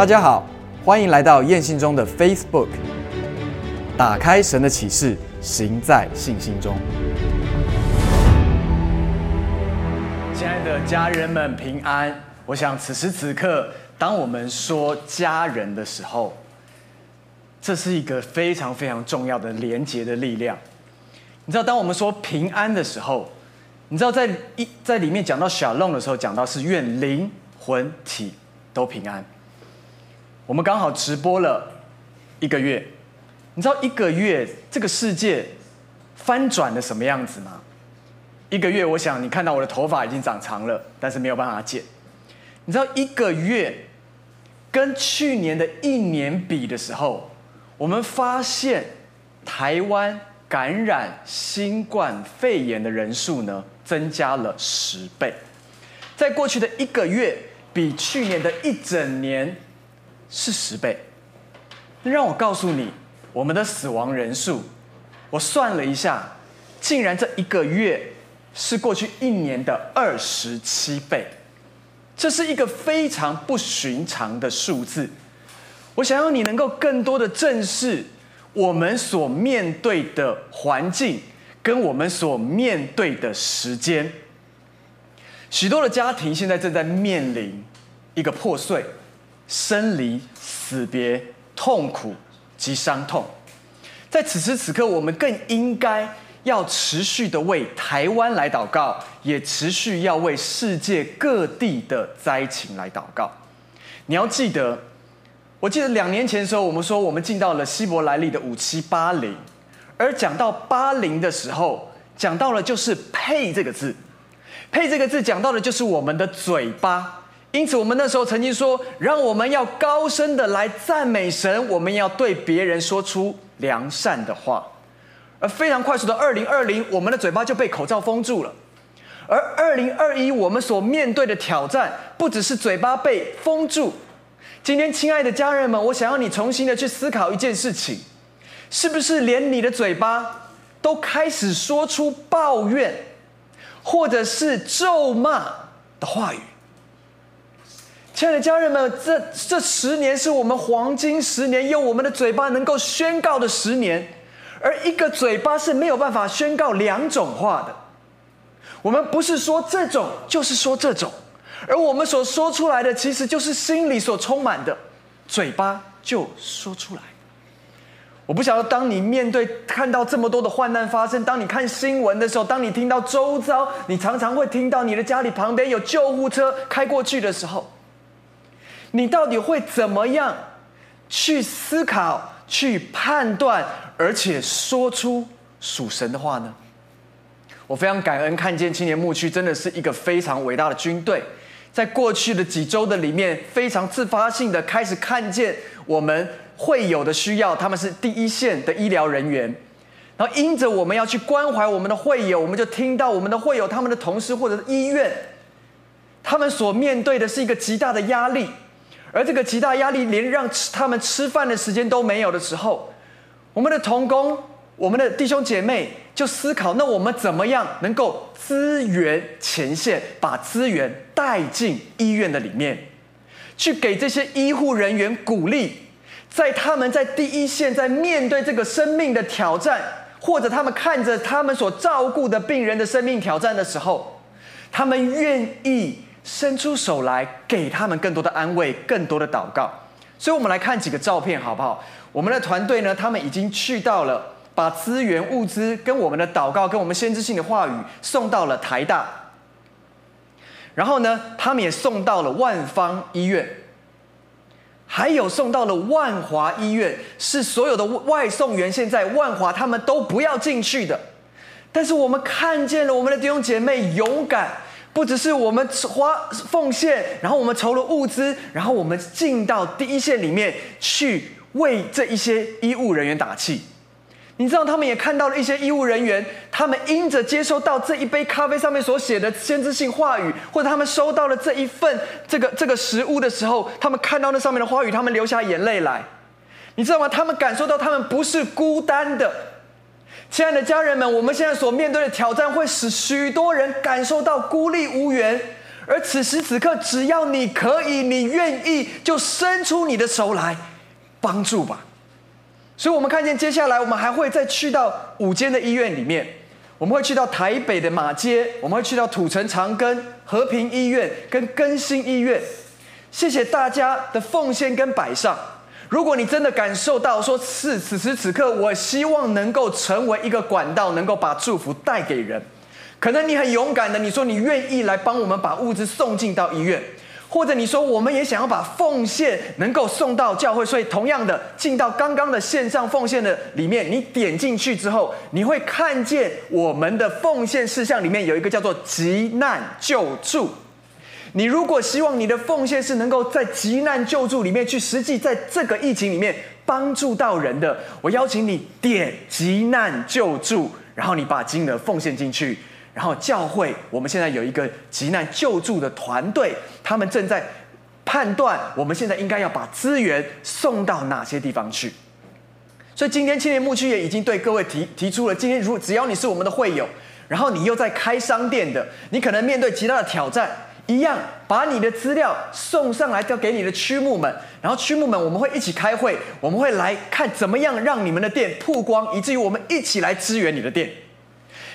大家好，歡迎來到信心中的 Facebook，打開神的啟示，行在信心中。親愛的家人們，平安。我想此時此刻，當我們說家人的時候，這是一個非常非常重要的連結的力量。你知道，當我們說平安的時候，你知道在一在裡面講到 Shalom 的時候，講到是願靈魂體都平安。我們剛好直播了一個月，你知道一個月這個世界翻轉了什麼樣子嗎？一個月，我想你看到我的頭髮已經長長了，但是沒有辦法剪。你知道一個月跟去年的一年比的時候，我們發現台灣感染新冠肺炎的人數呢增加了十倍，在過去的一個月比去年的一整年。是十倍，讓我告訴你，我們的死亡人數，我算了一下，竟然這一個月是過去一年的二十七倍，這是一個非常不尋常的數字。我想要你能夠更多的正視我們所面對的環境跟我們所面對的時間。許多的家庭現在正在面臨一個破碎。生離死別、痛苦及傷痛，在此時此刻，我們更應該要持續的為台灣來禱告，也持續要為世界各地的災情來禱告。你要記得，我記得兩年前的時候，我們說我們進到了希伯來曆的五七八零，而講到八零的時候，講到了就是 “PEY” 這個字，“PEY” 這個字講到的就是我們的嘴巴。因此，我們那時候曾經說：“讓我們要高聲的來讚美神，我們要對別人說出良善的話。”而非常快速的，二零二零，我們的嘴巴就被口罩封住了。而二零二一，我們所面對的挑戰不只是嘴巴被封住。今天，親愛的家人們，我想要你重新的去思考一件事情，是不是連你的嘴巴都開始說出抱怨或者是咒罵的話語？親愛的家人們，這這十年是我們黃金十年，用我們的嘴巴能夠宣告的十年，而一個嘴巴是沒有辦法宣告兩種話的。我們不是說這種，就是說這種，而我們所說出來的，其實就是心裡所充滿的，嘴巴就說出來。我不想得當你面對看到這麼多的患難發生，當你看新聞的時候，當你聽到周遭，你常常會聽到你的家裡旁邊有救護車開過去的時候，你到底會怎麼樣去思考、去判斷，而且說出屬神的話呢？我非常感恩，看見青年牧區真的是一個非常偉大的軍隊。在過去的幾周的裡面，非常自發性的開始看見我們會友的需要，他們是第一線的醫療人員。然後因着我們要去關懷我們的會友，我們就聽到我們的會友、他們的同事或者醫院，他們所面對的是一個極大的壓力。而這個極大壓力，連讓他們吃飯的時間都沒有的時候，我們的同工、我們的弟兄姐妹就思考：那我們怎麼樣能夠支援前線，把資源帶進醫院的裡面，去給這些醫護人員鼓勵，在他們在第一線，在面對這個生命的挑戰，或者他們看着他們所照顧的病人的生命挑戰的時候，他們願意。伸出手來，給他們更多的安慰，更多的禱告。所以，我們來看幾個照片，好不好？我們的團隊呢，他們已經去到了，把資源、物資跟我們的禱告，跟我們先知性的話語送到了台大。然後呢，他們也送到了萬芳醫院，還有送到了萬華醫院。是所有的外送員現在萬華他們都不要進去的。但是，我們看見了我們的弟兄姐妹勇敢。不只是我們花奉獻，然後我們籌了物資，然後我們進到第一線裡面去為這一些醫務人員打氣。你知道他們也看到了一些醫務人員，他們因着接收到這一杯咖啡上面所寫的先知性話語，或者他們收到了這一份這個這個食物的時候，他們看到那上面的話語，他們流下眼淚來。你知道嗎？他們感受到他們不是孤單的。親愛的家人們，我們現在所面對的挑戰會使許多人感受到孤立無援，而此時此刻，只要你可以、你願意，就伸出你的手來幫助吧。所以，我們看見接下來，我們還會再去到五間的醫院裡面，我們會去到台北的馬街，我們會去到土城長庚、和平醫院跟更新醫院。謝謝大家的奉獻跟擺上。如果你真的感受到說，是此時此刻，我希望能夠成為一個管道，能夠把祝福帶給人。可能你很勇敢的，你說你願意來幫我們把物資送進到醫院，或者你說我們也想要把奉獻能夠送到教會。所以，同樣的，進到剛剛的線上奉獻的裡面，你點進去之後，你會看見我們的奉獻事項裡面有一個叫做“急難救助”。你如果希望你的奉獻是能夠在急難救助裡面去實際在這個疫情裡面幫助到人的，我邀請你點急難救助，然後你把金額奉獻進去。然後教會我們現在有一個急難救助的團隊，他們正在判斷我們現在應該要把資源送到哪些地方去。所以今天青年牧區也已經對各位提提出了，今天如果只要你是我們的會友，然後你又在開商店的，你可能面對極大的挑戰。一樣把你的資料送上來，交給你的區牧們，然後區牧們我們會一起開會，我們會來看怎麼樣讓你們的店曝光，以至於我們一起來支援你的店。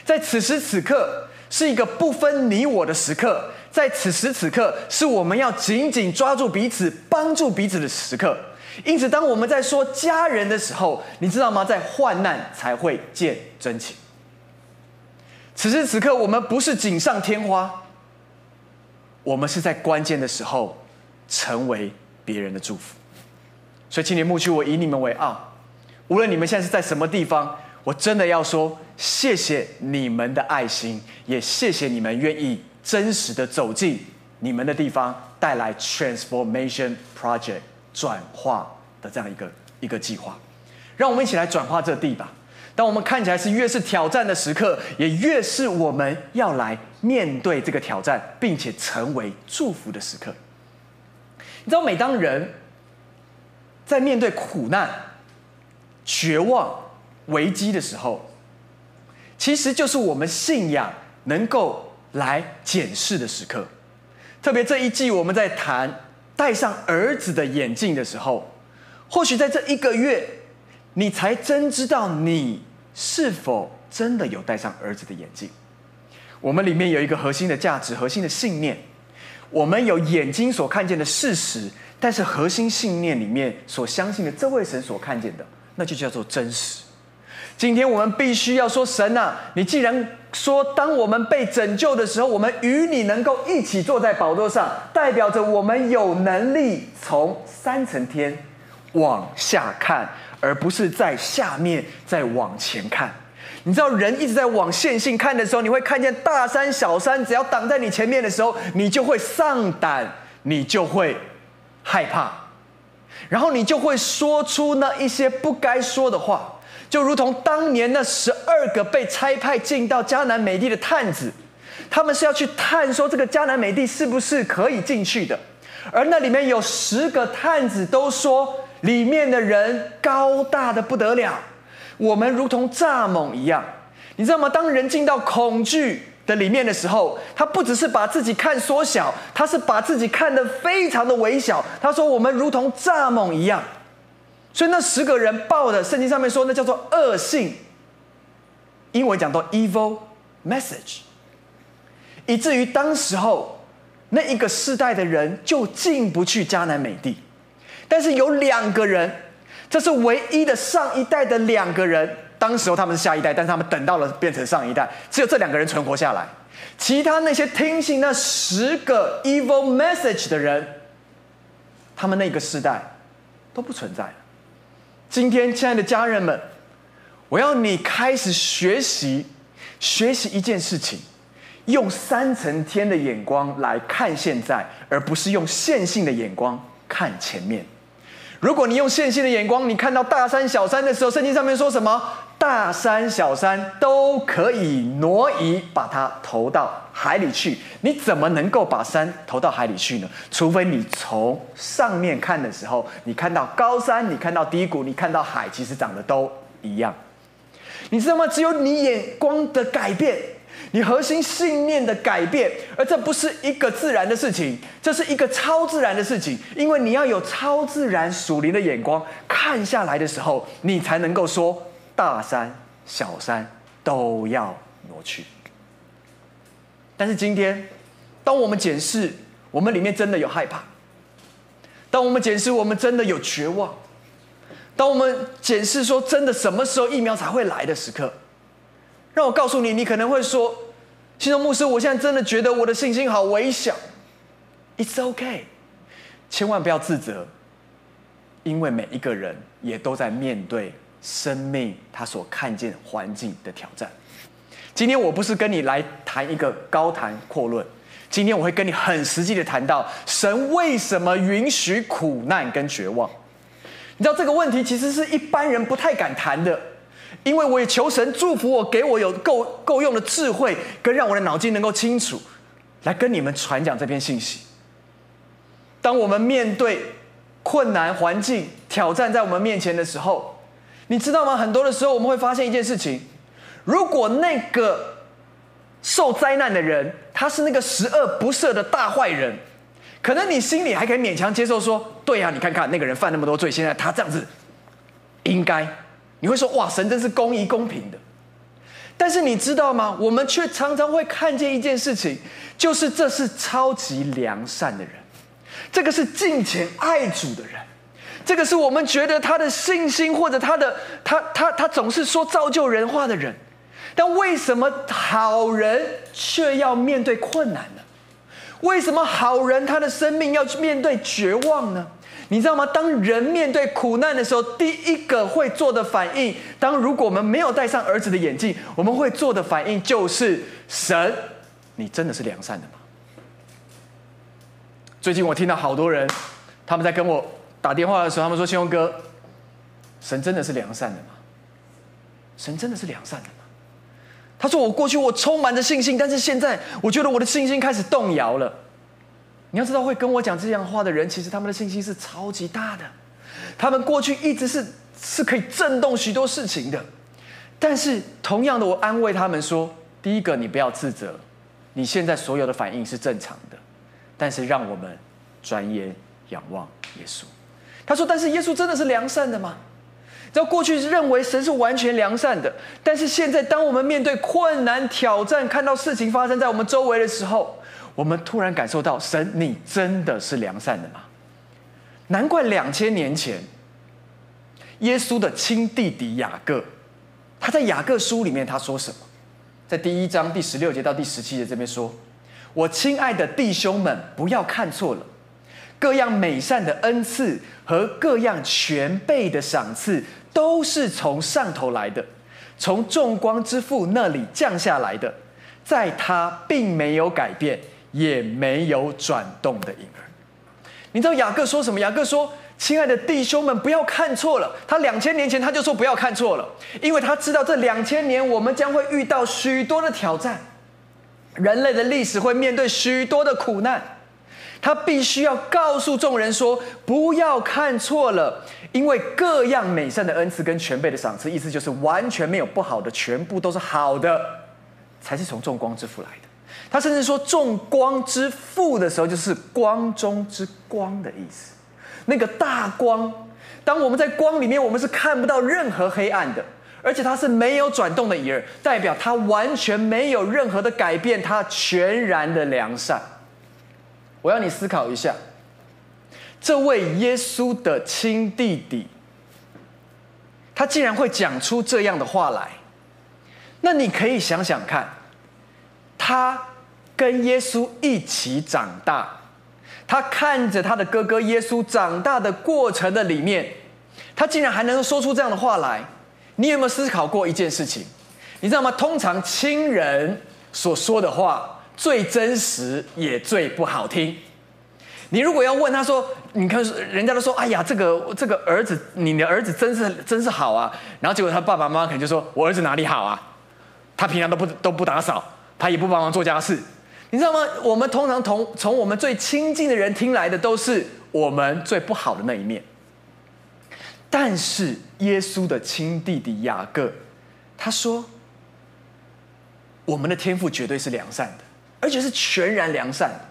在此時此刻是一個不分你我的時刻，在此時此刻是我們要緊緊抓住彼此、幫助彼此的時刻。因此，當我們在說家人的時候，你知道嗎？在患難才會見真情。此時此刻，我們不是錦上添花。我們是在關鍵的時候成為別人的祝福，所以青年牧區，我以你們為傲。無論你們現在是在什麼地方，我真的要說謝謝你們的愛心，也謝謝你們願意真實的走進你們的地方，帶來 Transformation Project 轉化的這樣一個一個計劃。讓我們一起來轉化這地吧。當我們看起來是越是挑戰的時刻，也越是我們要來面對這個挑戰，並且成為祝福的時刻。你知道，每當人在面對苦難、絕望、危機的時候，其實就是我們信仰能夠來檢視的時刻。特別這一季我們在談戴上兒子的眼鏡的時候，或許在這一個月，你才真知道你。是否真的有戴上兒子的眼鏡？我們裡面有一個核心的價值、核心的信念。我們有眼睛所看見的事實，但是核心信念裡面所相信的，這位神所看見的，那就叫做真實。今天我們必須要說，神啊，你既然說，當我們被拯救的時候，我們與你能夠一起坐在寶座上，代表着我們有能力從三層天往下看。而不是在下面再往前看，你知道人一直在往線性看的時候，你會看見大山小山，只要擋在你前面的時候，你就會喪膽，你就會害怕，然後你就會說出那一些不該說的話，就如同當年那十二個被差派進到迦南美地的探子，他們是要去探說這個迦南美地是不是可以進去的，而那裡面有十個探子都說。裡面的人高大得不得了，我們如同蚱蜢一樣，你知道嗎？當人進到恐懼的裡面的時候，他不只是把自己看縮小，他是把自己看得非常的微小。他說：“我們如同蚱蜢一樣。”所以那十個人報的聖經上面說，那叫做惡信，英文講到 evil message，以至於當時候那一個世代的人就進不去迦南美地。但是有兩個人，這是唯一的上一代的兩個人。當時候他們是下一代，但是他們等到了變成上一代，只有這兩個人存活下來。其他那些聽信那十個 evil message 的人，他們那個世代都不存在了。今天，親愛的家人們，我要你開始學習，學習一件事情，用三層天的眼光來看現在，而不是用線性的眼光看前面。如果你用線性的眼光，你看到大山小山的時候，聖經上面說什麼？大山小山都可以挪移，把它投到海裡去。你怎麼能夠把山投到海裡去呢？除非你從上面看的時候，你看到高山，你看到低谷，你看到海，其實長得都一樣。你知道嗎？只有你眼光的改變。你核心信念的改變，而這不是一個自然的事情，這是一個超自然的事情，因為你要有超自然屬靈的眼光看下來的時候，你才能夠說大山小山都要挪去。但是今天，當我們檢視，我們裡面真的有害怕；當我們檢視，我們真的有絕望；當我們檢視說真的什麼時候疫苗才會來的時刻，讓我告訴你，你可能會說。新中牧師，我現在真的覺得我的信心好微小。It's okay，千萬不要自責，因為每一個人也都在面對生命他所看見環境的挑戰。今天我不是跟你來談一個高談闊論，今天我會跟你很實際的談到神為什麼允許苦難跟絕望。你知道這個問題其實是一般人不太敢談的。因為我也求神祝福我，給我有夠夠用的智慧，跟讓我的腦筋能夠清楚，來跟你們傳講這篇信息。當我們面對困難、環境、挑戰在我們面前的時候，你知道嗎？很多的時候我們會發現一件事情，如果那個受災難的人，他是那個十惡不赦的大壞人，可能你心裡還可以勉強接受，說：“對呀、啊，你看看那個人犯那麼多罪，現在他這樣子，應該。”你會說：“哇，神真是公義、公平的。”但是你知道嗎？我們卻常常會看見一件事情，就是這是超級良善的人，這個是敬虔愛主的人，這個是我們覺得他的信心或者他的他他他，他總是說造就人話的人。但為什麼好人卻要面對困難呢？為什麼好人他的生命要去面對絕望呢？你知道嗎？當人面對苦難的時候，第一個會做的反應，當如果我們沒有戴上兒子的眼鏡，我們會做的反應就是：神，你真的是良善的嗎？最近我聽到好多人，他們在跟我打電話的時候，他們說：“鑫宏哥，神真的是良善的嗎？神真的是良善的嗎？”他說：“我過去我充滿着信心，但是現在我覺得我的信心開始動搖了。”你要知道，會跟我講這樣的話的人，其實他們的信心是超級大的。他們過去一直是是可以震動許多事情的。但是，同樣的，我安慰他們說，第一個，你不要自責，你現在所有的反應是正常的。但是，讓我們轉眼仰望耶穌。他說，但是耶穌真的是良善的嗎？你知道過去是認為神是完全良善的。但是現在，當我們面對困難、挑戰，看到事情發生在我們週圍的時候，我們突然感受到，神，你真的是良善的嗎？難怪兩千年前，耶穌的親弟弟雅各，他在雅各書裡面他說什麼？在第一章第十六節到第十七節這邊說：“我親愛的弟兄們，不要看錯了，各樣美善的恩賜和各樣全備的賞賜，都是從上頭來的，從眾光之父那裡降下來的，在他並沒有改變。”也沒有轉動的影兒。你知道雅各說什麼？雅各說：“親愛的弟兄們，不要看錯了。他兩千年前他就說不要看錯了，因為他知道這兩千年我們將會遇到許多的挑戰，人類的歷史會面對許多的苦難。他必須要告訴眾人說，不要看錯了，因為各樣美善的恩賜跟全備的賞賜，意思就是完全沒有不好的，全部都是好的，才是從眾光之父來的。”他甚至說：“眾光之父”的時候，就是“光中之光”的意思。那個大光，當我們在光裡面，我們是看不到任何黑暗的，而且它是沒有轉動的影兒，代表它完全沒有任何的改變，它全然的良善。我要你思考一下，這位耶穌的親弟弟，他竟然會講出這樣的話來，那你可以想想看，他，跟耶穌一起長大，他看着他的哥哥耶穌長大的過程的裡面，他竟然還能夠說出這樣的話來。你有沒有思考過一件事情？你知道嗎？通常親人所說的話最真實也最不好聽。你如果要問他說，你看人家都說，哎呀，這個這個兒子，你的兒子真是真是好啊。然後結果他爸爸媽媽可能就說我兒子哪裡好啊？他平常都不都不打掃，他也不幫忙做家事。你知道嗎？我們通常從從我們最親近的人聽來的都是我們最不好的那一面，但是耶穌的親弟弟雅各他說，我們的天父絕對是良善的，而且是全然良善的。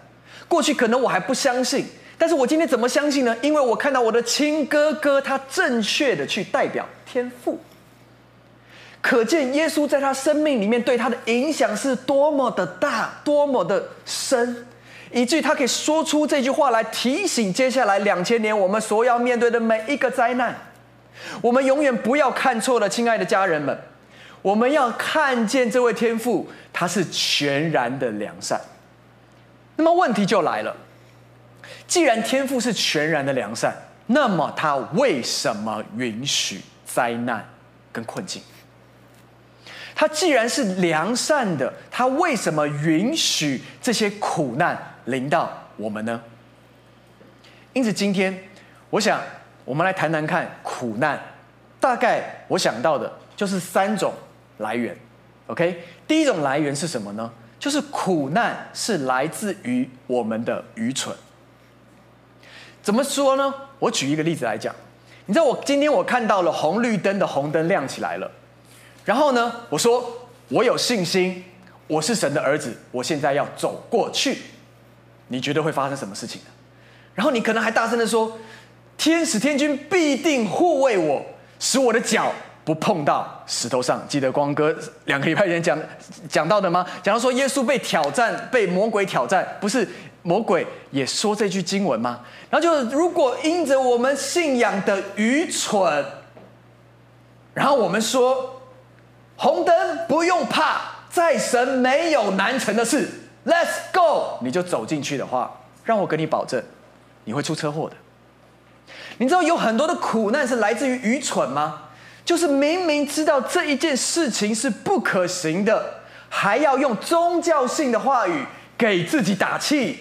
過去可能我還不相信，但是我今天怎麼相信呢？因為我看到我的親哥哥他正確的去代表天父。可見耶穌在他生命裡面對他的影響是多麼的大，多麼的深，以至於他可以說出這句話來提醒接下來兩千年我們所要面對的每一個災難。我們永遠不要看錯了，親愛的家人們，我們要看見這位天父他是全然的良善。那麼問題就來了，既然天父是全然的良善，那麼他為什麼允許災難跟困境？他既然是良善的，他為什麼允許這些苦難臨到我們呢？因此，今天我想我們來談談看苦難。大概我想到的就是三種來源，OK。第一種來源是什麼呢？就是苦難是來自於我們的愚蠢。怎麼說呢？我舉一個例子來講，你知道我今天我看到了紅綠燈的紅燈亮起來了。然後呢，我說我有信心，我是神的兒子，我現在要走過去。你覺得會發生什麼事情呢？然後你可能還大聲地說：“天使天軍必定護衛我，使我的腳不碰到石頭上。”記得光哥兩個禮拜前講講到的嗎？講到說耶穌被挑戰，被魔鬼挑戰，不是魔鬼也說這句經文嗎？然後就是如果因着我們信仰的愚蠢，然後我們說，紅燈不用怕，在神沒有難成的事。Let's go，你就走進去的話，讓我跟你保證，你會出車禍的。你知道有很多的苦難是來自於愚蠢嗎？就是明明知道這一件事情是不可行的，還要用宗教性的話語給自己打氣，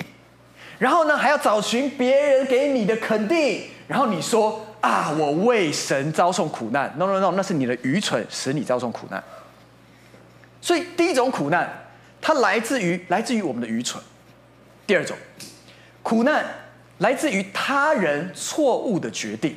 然後呢，還要找尋別人給你的肯定，然後你說。啊！我為神遭受苦難。No No No，那是你的愚蠢使你遭受苦難。所以第一種苦難，它來自於來自於我們的愚蠢。第二種，苦難來自於他人錯誤的決定。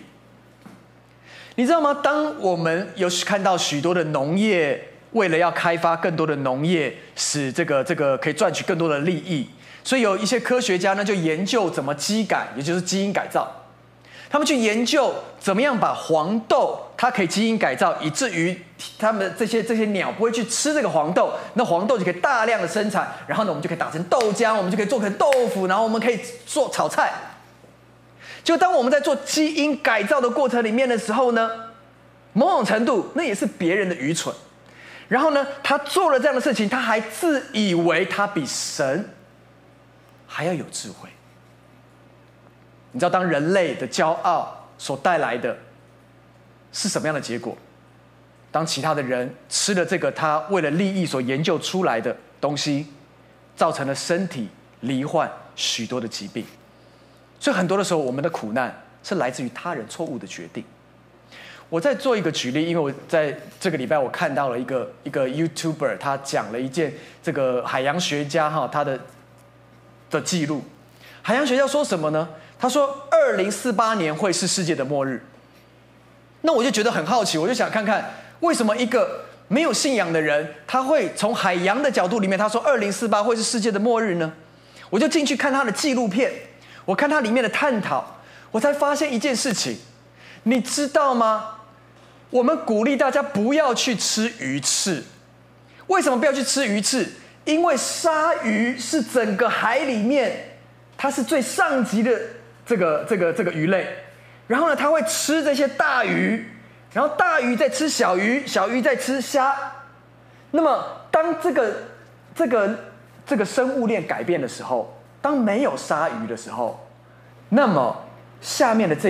你知道嗎？當我們有看到許多的農業，為了要開發更多的農業，使這個這個可以賺取更多的利益，所以有一些科學家呢就研究怎麼基改，也就是基因改造。他們去研究怎麼樣把黃豆，它可以基因改造，以至於他們這些這些鳥不會去吃這個黃豆，那黃豆就可以大量的生產，然後呢，我們就可以打成豆漿，我們就可以做成豆腐，然後我們可以做炒菜。就當我們在做基因改造的過程裡面的時候呢，某種程度那也是別人的愚蠢。然後呢，他做了這樣的事情，他還自以為他比神還要有智慧。你知道，當人類的驕傲所帶來的，是什麼樣的結果？當其他的人吃了這個他為了利益所研究出來的東西，造成了身體罹患許多的疾病。所以很多的時候，我們的苦難是來自於他人錯誤的決定。我在做一個舉例，因為我在這個禮拜我看到了一個一個 YouTuber，他講了一件這個海洋學家哈他的的記錄。海洋學家說什麼呢？他說：“二零四八年會是世界的末日。”那我就覺得很好奇，我就想看看為什麼一個沒有信仰的人，他會從海洋的角度裡面，他說“二零四八會是世界的末日”呢？我就進去看他的紀錄片，我看他裡面的探討，我才發現一件事情，你知道嗎？我們鼓勵大家不要去吃魚翅，為什麼不要去吃魚翅？因為鯊魚是整個海裡面，它是最上級的。這個這個這個魚類，然後呢，它會吃這些大魚，然後大魚再吃小魚，小魚再吃蝦。那麼，當這個這個這個生物鏈改變的時候，當沒有鯊魚的時候，那麼下面的這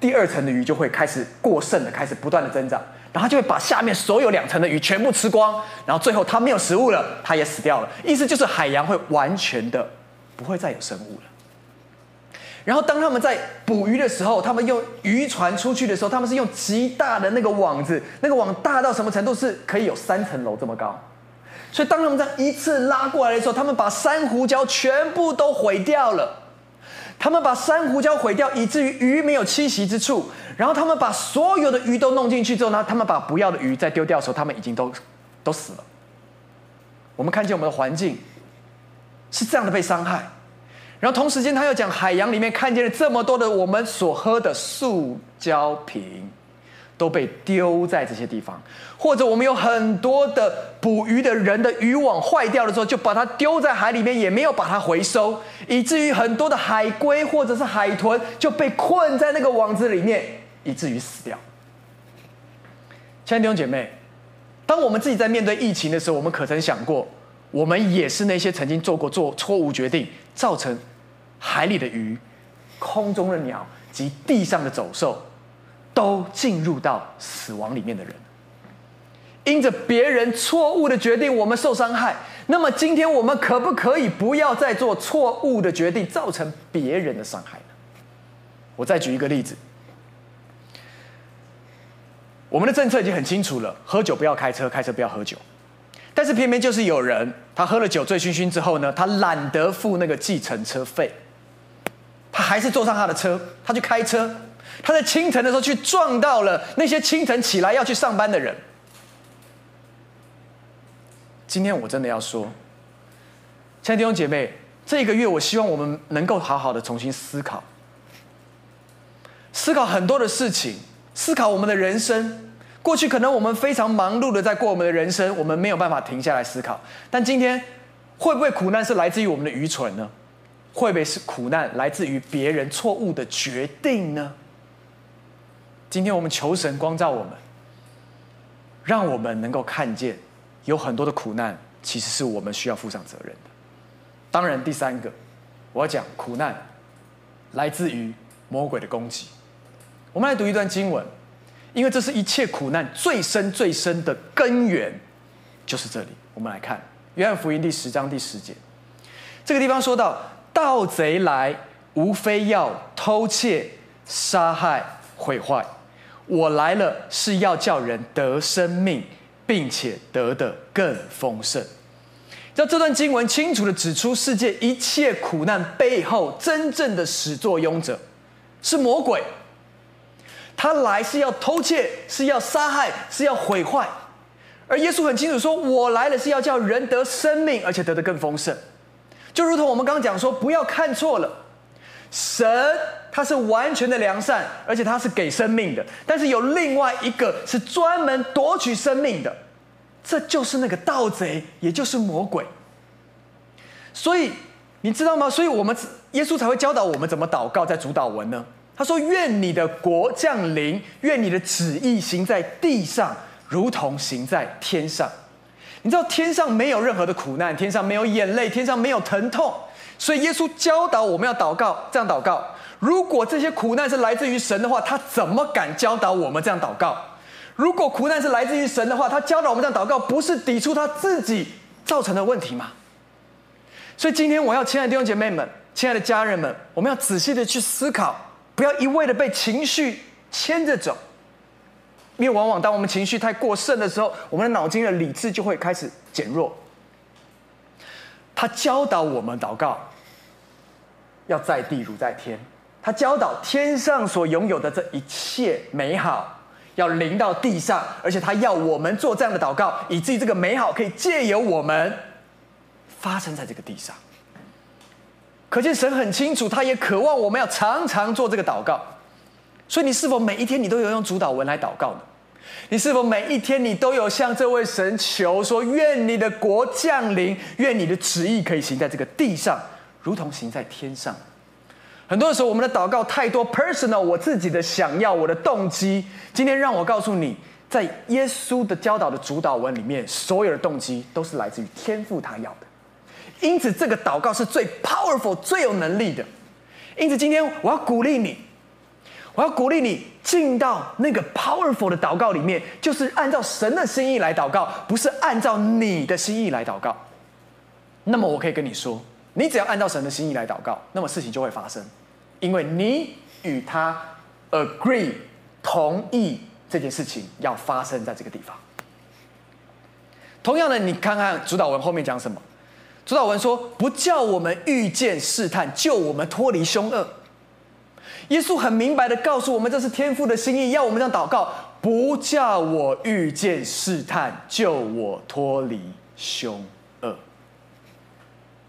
第二層的魚就會開始過剩的，開始不斷的增長，然後就會把下面所有兩層的魚全部吃光，然後最後它沒有食物了，它也死掉了。意思就是海洋會完全的不會再有生物了。然後，當他們在捕魚的時候，他們用漁船出去的時候，他們是用極大的那個網子，那個網大到什麼程度？是可以有三層樓這麼高。所以，當他們這樣一次拉過來的時候，他們把珊瑚礁全部都毀掉了。他們把珊瑚礁毀掉，以至於魚沒有棲息之處。然後，他們把所有的魚都弄進去之後呢，他們把不要的魚再丟掉的時候，他們已經都都死了。我們看見我們的環境是這樣的被傷害。然後，同時間，他又講海洋裡面看見了這麼多的我們所喝的塑膠瓶，都被丟在這些地方，或者我們有很多的捕魚的人的漁網壞掉了之後，就把它丟在海裡面，也沒有把它回收，以至於很多的海龜或者是海豚就被困在那個網子裡面，以至於死掉。親愛的弟兄姐妹，當我們自己在面對疫情的時候，我們可曾想過，我們也是那些曾經做過做錯誤決定？造成海裡的魚、空中的鳥及地上的走獸，都進入到死亡裡面的人。因着別人錯誤的決定，我們受傷害。那麼今天我們可不可以不要再做錯誤的決定，造成別人的傷害呢？我再舉一個例子，我們的政策已經很清楚了，喝酒不要開車，開車不要喝酒。但是偏偏就是有人，他喝了酒，醉醺醺之後呢，他懶得付那個計程車費，他還是坐上他的車，他去開車，他在清晨的時候去撞到了那些清晨起來要去上班的人。今天我真的要說，親愛的弟兄姐妹，這一個月我希望我們能夠好好的重新思考，思考很多的事情，思考我們的人生。過去可能我們非常忙碌的在過我們的人生，我們沒有辦法停下來思考。但今天，會不會苦難是來自於我們的愚蠢呢？會不會是苦難來自於別人錯誤的決定呢？今天我們求神光照我們，讓我們能夠看見，有很多的苦難其實是我們需要負上責任的。當然，第三個，我要講，苦難來自於魔鬼的攻擊。我們來讀一段經文。因為這是一切苦難最深最深的根源，就是這裡。我們來看《約翰福音》第十章第十節，這個地方說到：盜賊來，無非要偷竊、殺害、毀壞。我來了，是要叫人得生命，並且得的更豐盛。讓這段經文清楚地指出，世界一切苦難背後真正的始作俑者是魔鬼。他來是要偷竊，是要殺害，是要毀壞，而耶穌很清楚說：“我來了是要叫人得生命，而且得的更豐盛。”就如同我們剛剛講說，不要看錯了，神他是完全的良善，而且他是給生命的；但是有另外一個是專門奪取生命的，這就是那個盜賊，也就是魔鬼。所以你知道嗎？所以我們耶穌才會教導我們怎麼禱告，在主禱文呢。他說：“願你的國降臨，願你的旨意行在地上，如同行在天上。”你知道天上沒有任何的苦難，天上沒有眼淚，天上沒有疼痛。所以耶穌教導我們要禱告，這樣禱告。如果這些苦難是來自於神的話，他怎麼敢教導我們這樣禱告？如果苦難是來自於神的話，他教導我們這樣禱告，不是抵觸他自己造成的問題嗎？所以今天，我要親愛的弟兄姐妹們、親愛的家人們，我們要仔細的去思考。不要一味的被情緒牽着走，因為往往當我們情緒太過盛的時候，我們的腦筋的理智就會開始減弱。他教導我們禱告，要在地如在天；他教導天上所擁有的這一切美好，要臨到地上，而且他要我們做這樣的禱告，以至於這個美好可以借由我們發生在這個地上。可見神很清楚，他也渴望我們要常常做這個禱告。所以，你是否每一天你都有用主禱文來禱告呢？你是否每一天你都有向這位神求說：願你的國降臨，願你的旨意可以行在這個地上，如同行在天上？很多時候，我們的禱告太多 personal，我自己的想要，我的動機。今天讓我告訴你，在耶穌的教導的主禱文裡面，所有的動機都是來自於天父他要的。因此，這個禱告是最 powerful、最有能力的。因此，今天我要鼓勵你，我要鼓勵你進到那個 powerful 的禱告裡面，就是按照神的心意來禱告，不是按照你的心意來禱告。那麼，我可以跟你說，你只要按照神的心意來禱告，那麼事情就會發生，因為你與他 agree 同意這件事情要發生在這個地方。同樣的，你看看主禱文後面講什麼。主禱文說：“不叫我們遇見試探，救我們脫離兇惡。”耶穌很明白的告訴我們，這是天父的心意，要我們這樣禱告：“不叫我遇見試探，救我脫離兇惡。”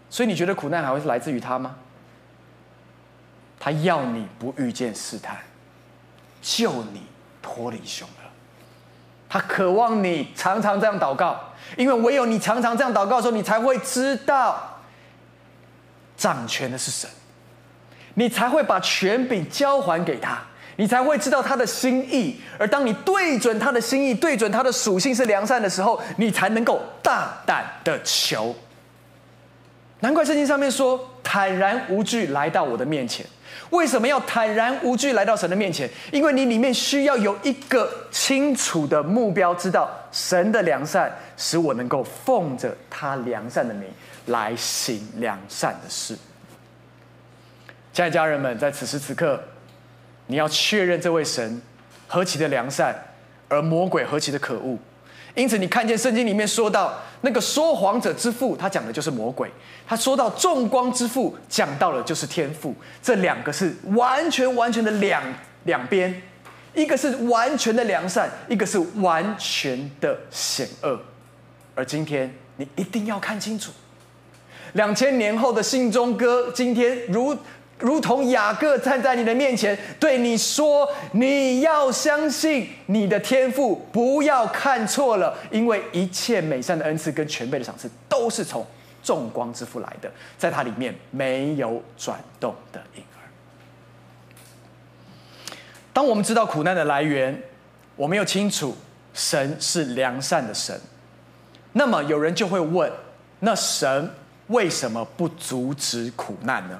所以你覺得苦難還會是來自於他嗎？他要你不遇見試探，救你脫離兇惡。他渴望你常常這樣禱告，因為唯有你常常這樣禱告的時候，你才會知道掌權的是神，你才會把權柄交還給他，你才會知道他的心意。而當你對準他的心意，對準他的屬性是良善的時候，你才能夠大膽的求。難怪聖經上面說：“坦然無懼來到我的面前。”為什麼要坦然無懼來到神的面前？因為你裡面需要有一個清楚的目標，知道神的良善，使我能夠奉着他良善的名來行良善的事。親愛的家人們，在此時此刻，你要確認這位神何其的良善，而魔鬼何其的可惡。因此，你看見聖經裡面說到那個說謊者之父，他講的就是魔鬼；他說到眾光之父，講到的就是天父。這兩個是完全完全的兩兩邊，一個是完全的良善，一個是完全的險惡。而今天，你一定要看清楚，兩千年後的新中歌，今天如。如同雅各站在你的面前，對你說：“你要相信你的天賦，不要看錯了，因為一切美善的恩賜跟全備的賞賜都是從眾光之父來的，在他裡面沒有轉動的影兒。”當我們知道苦難的來源，我們要清楚，神是良善的神。那麼有人就會問：那神為什麼不阻止苦難呢？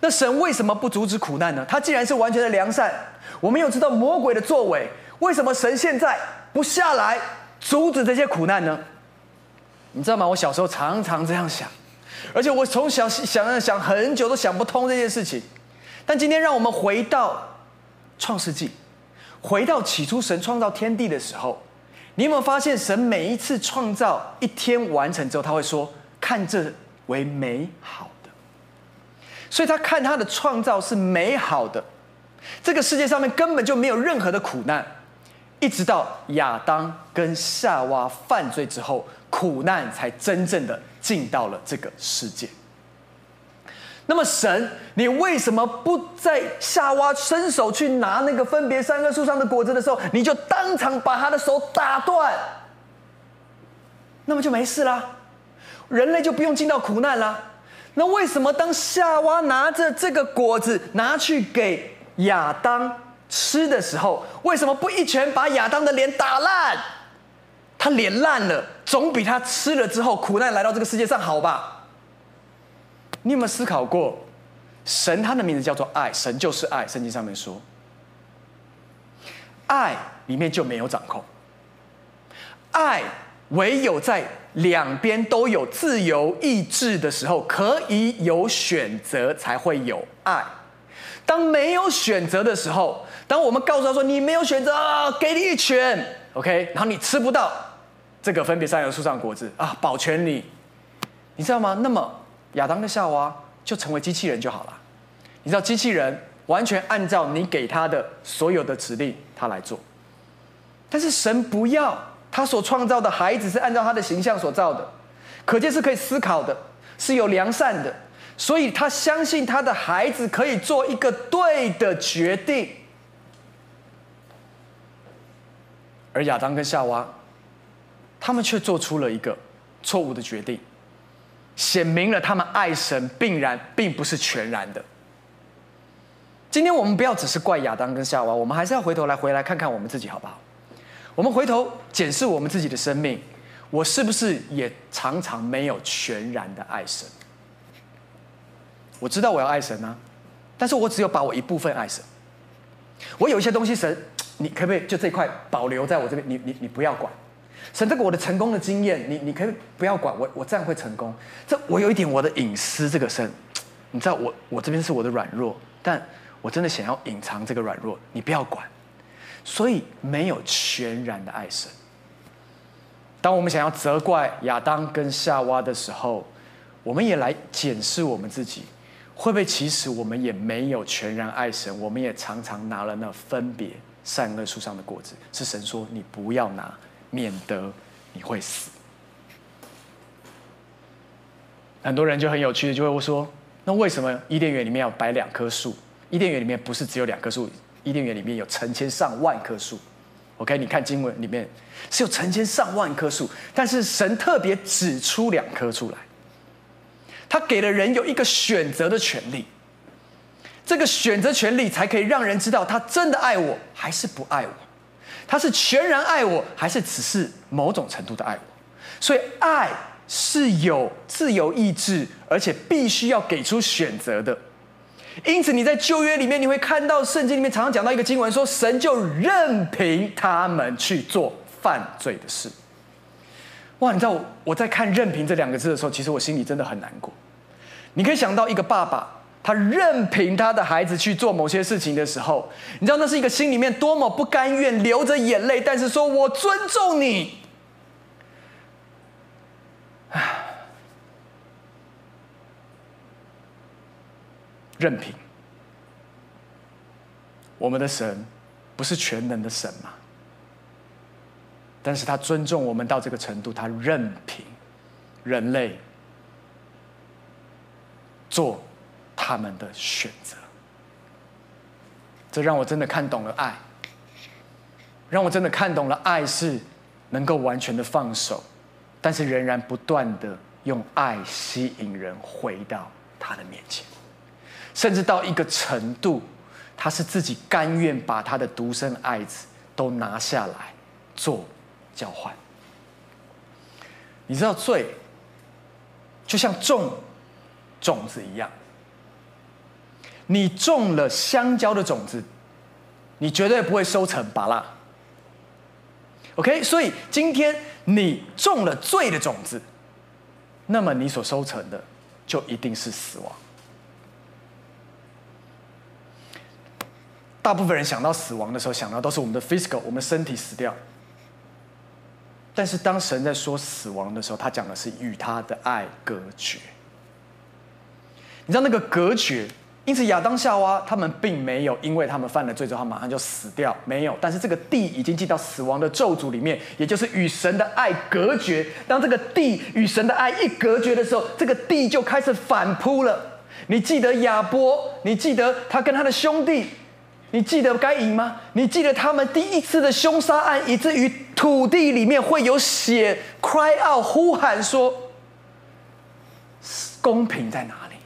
那神為什麼不阻止苦難呢？他既然是完全的良善，我們又知道魔鬼的作為，為什麼神現在不下來阻止這些苦難呢？你知道嗎？我小時候常常這樣想，而且我從小想想很久都想不通這件事情。但今天讓我們回到創世紀，回到起初神創造天地的時候，你有沒有發現神每一次創造一天完成之後，他會說：“看這為美好。”所以他看他的創造是美好的，這個世界上面根本就沒有任何的苦難，一直到亞當跟夏娃犯罪之後，苦難才真正的進到了這個世界。那麼，神，你為什麼不在夏娃伸手去拿那個分別善惡樹上的果子的時候，你就當場把他的手打斷？那麼就沒事啦，人類就不用進到苦難了。那為什麼當夏娃拿着這個果子拿去給亞當吃的時候，為什麼不一拳把亞當的臉打爛？他臉爛了，總比他吃了之後苦難來到這個世界上好吧？你有沒有思考過，神他的名字叫做愛，神就是愛。聖經上面說，愛裡面就沒有掌控，愛唯有在。兩邊都有自由意志的時候，可以有選擇，才會有愛。當沒有選擇的時候，當我們告訴他說：“你沒有選擇啊，給你一拳，OK。”然後你吃不到這個分別善惡樹上果子啊，保全你，你知道嗎？那麼亞當跟夏娃就成為機器人就好了。你知道，機器人完全按照你給他的所有的指令，他來做。但是神不要。他所創造的孩子是按照他的形象所造的，可見是可以思考的，是有良善的，所以他相信他的孩子可以做一個對的決定。而亞當跟夏娃，他們卻做出了一個錯誤的決定，顯明了他們愛神，必然並不是全然的。今天我們不要只是怪亞當跟夏娃，我們還是要回頭來回來看看我們自己，好不好？我們回頭檢視我們自己的生命，我是不是也常常沒有全然的愛神？我知道我要愛神啊，但是我只有把我一部分愛神。我有一些東西，神，你可不可以就這塊保留在我這邊？你你你不要管，神這個我的成功的經驗，你你可不可以不要管我，我這樣會成功。這我有一點我的隱私，這個神，你知道我我這邊是我的軟弱，但我真的想要隱藏這個軟弱，你不要管。所以沒有全然的愛神。當我們想要責怪亞當跟夏娃的時候，我們也來檢視我們自己，會不會其實我們也沒有全然愛神？我們也常常拿了那分別善惡樹上的果子。是神說：“你不要拿，免得你會死。”很多人就很有趣的就會說：“那為什麼伊甸園裡面要擺兩棵樹？伊甸園裡面不是只有兩棵樹？”伊甸園裡面有成千上萬棵樹，OK？你看經文裡面是有成千上萬棵樹，但是神特別指出兩棵，出來，他給了人有一個選擇的權利，這個選擇權利才可以讓人知道他真的愛我還是不愛我，他是全然愛我還是只是某種程度的愛我，所以愛是有自由意志，而且必須要給出選擇的。因此，你在舊約裡面，你會看到聖經裡面常常講到一個經文說，說神就任憑他們去做犯罪的事。哇！你知道我，我在看“任憑”這兩個字的時候，其實我心裡真的很難過。你可以想到一個爸爸，他任憑他的孩子去做某些事情的時候，你知道那是一個心裡面多麼不甘願，流着眼淚，但是說我尊重你。哎。任憑。我們的神不是全能的神嗎？但是他尊重我們到這個程度，他任憑人類做他們的選擇。這讓我真的看懂了愛，讓我真的看懂了愛是能夠完全的放手，但是仍然不斷的用愛吸引人回到他的面前。甚至到一個程度，他是自己甘願把他的獨生愛子都拿下來做交換。你知道罪就像種種子一樣，你種了香蕉的種子，你絕對不會收成芭樂。OK，所以今天你種了罪的種子，那麼你所收成的就一定是死亡。大部分人想到死亡的時候，想到都是我們的 physical，我們身體死掉。但是當神在說死亡的時候，他講的是與他的愛隔絕。你知道那個隔絕，因此亞當夏娃他們並沒有，因為他們犯了罪之後他馬上就死掉？沒有。但是這個地已經進到死亡的咒詛裡面，也就是與神的愛隔絕。當這個地與神的愛一隔絕的時候，這個地就開始反撲了。你記得亞伯，你記得他跟他的兄弟，你記得該隱嗎？你記得他們第一次的兇殺案，以至於土地裡面會有血，cry out 呼喊說公平在哪裡？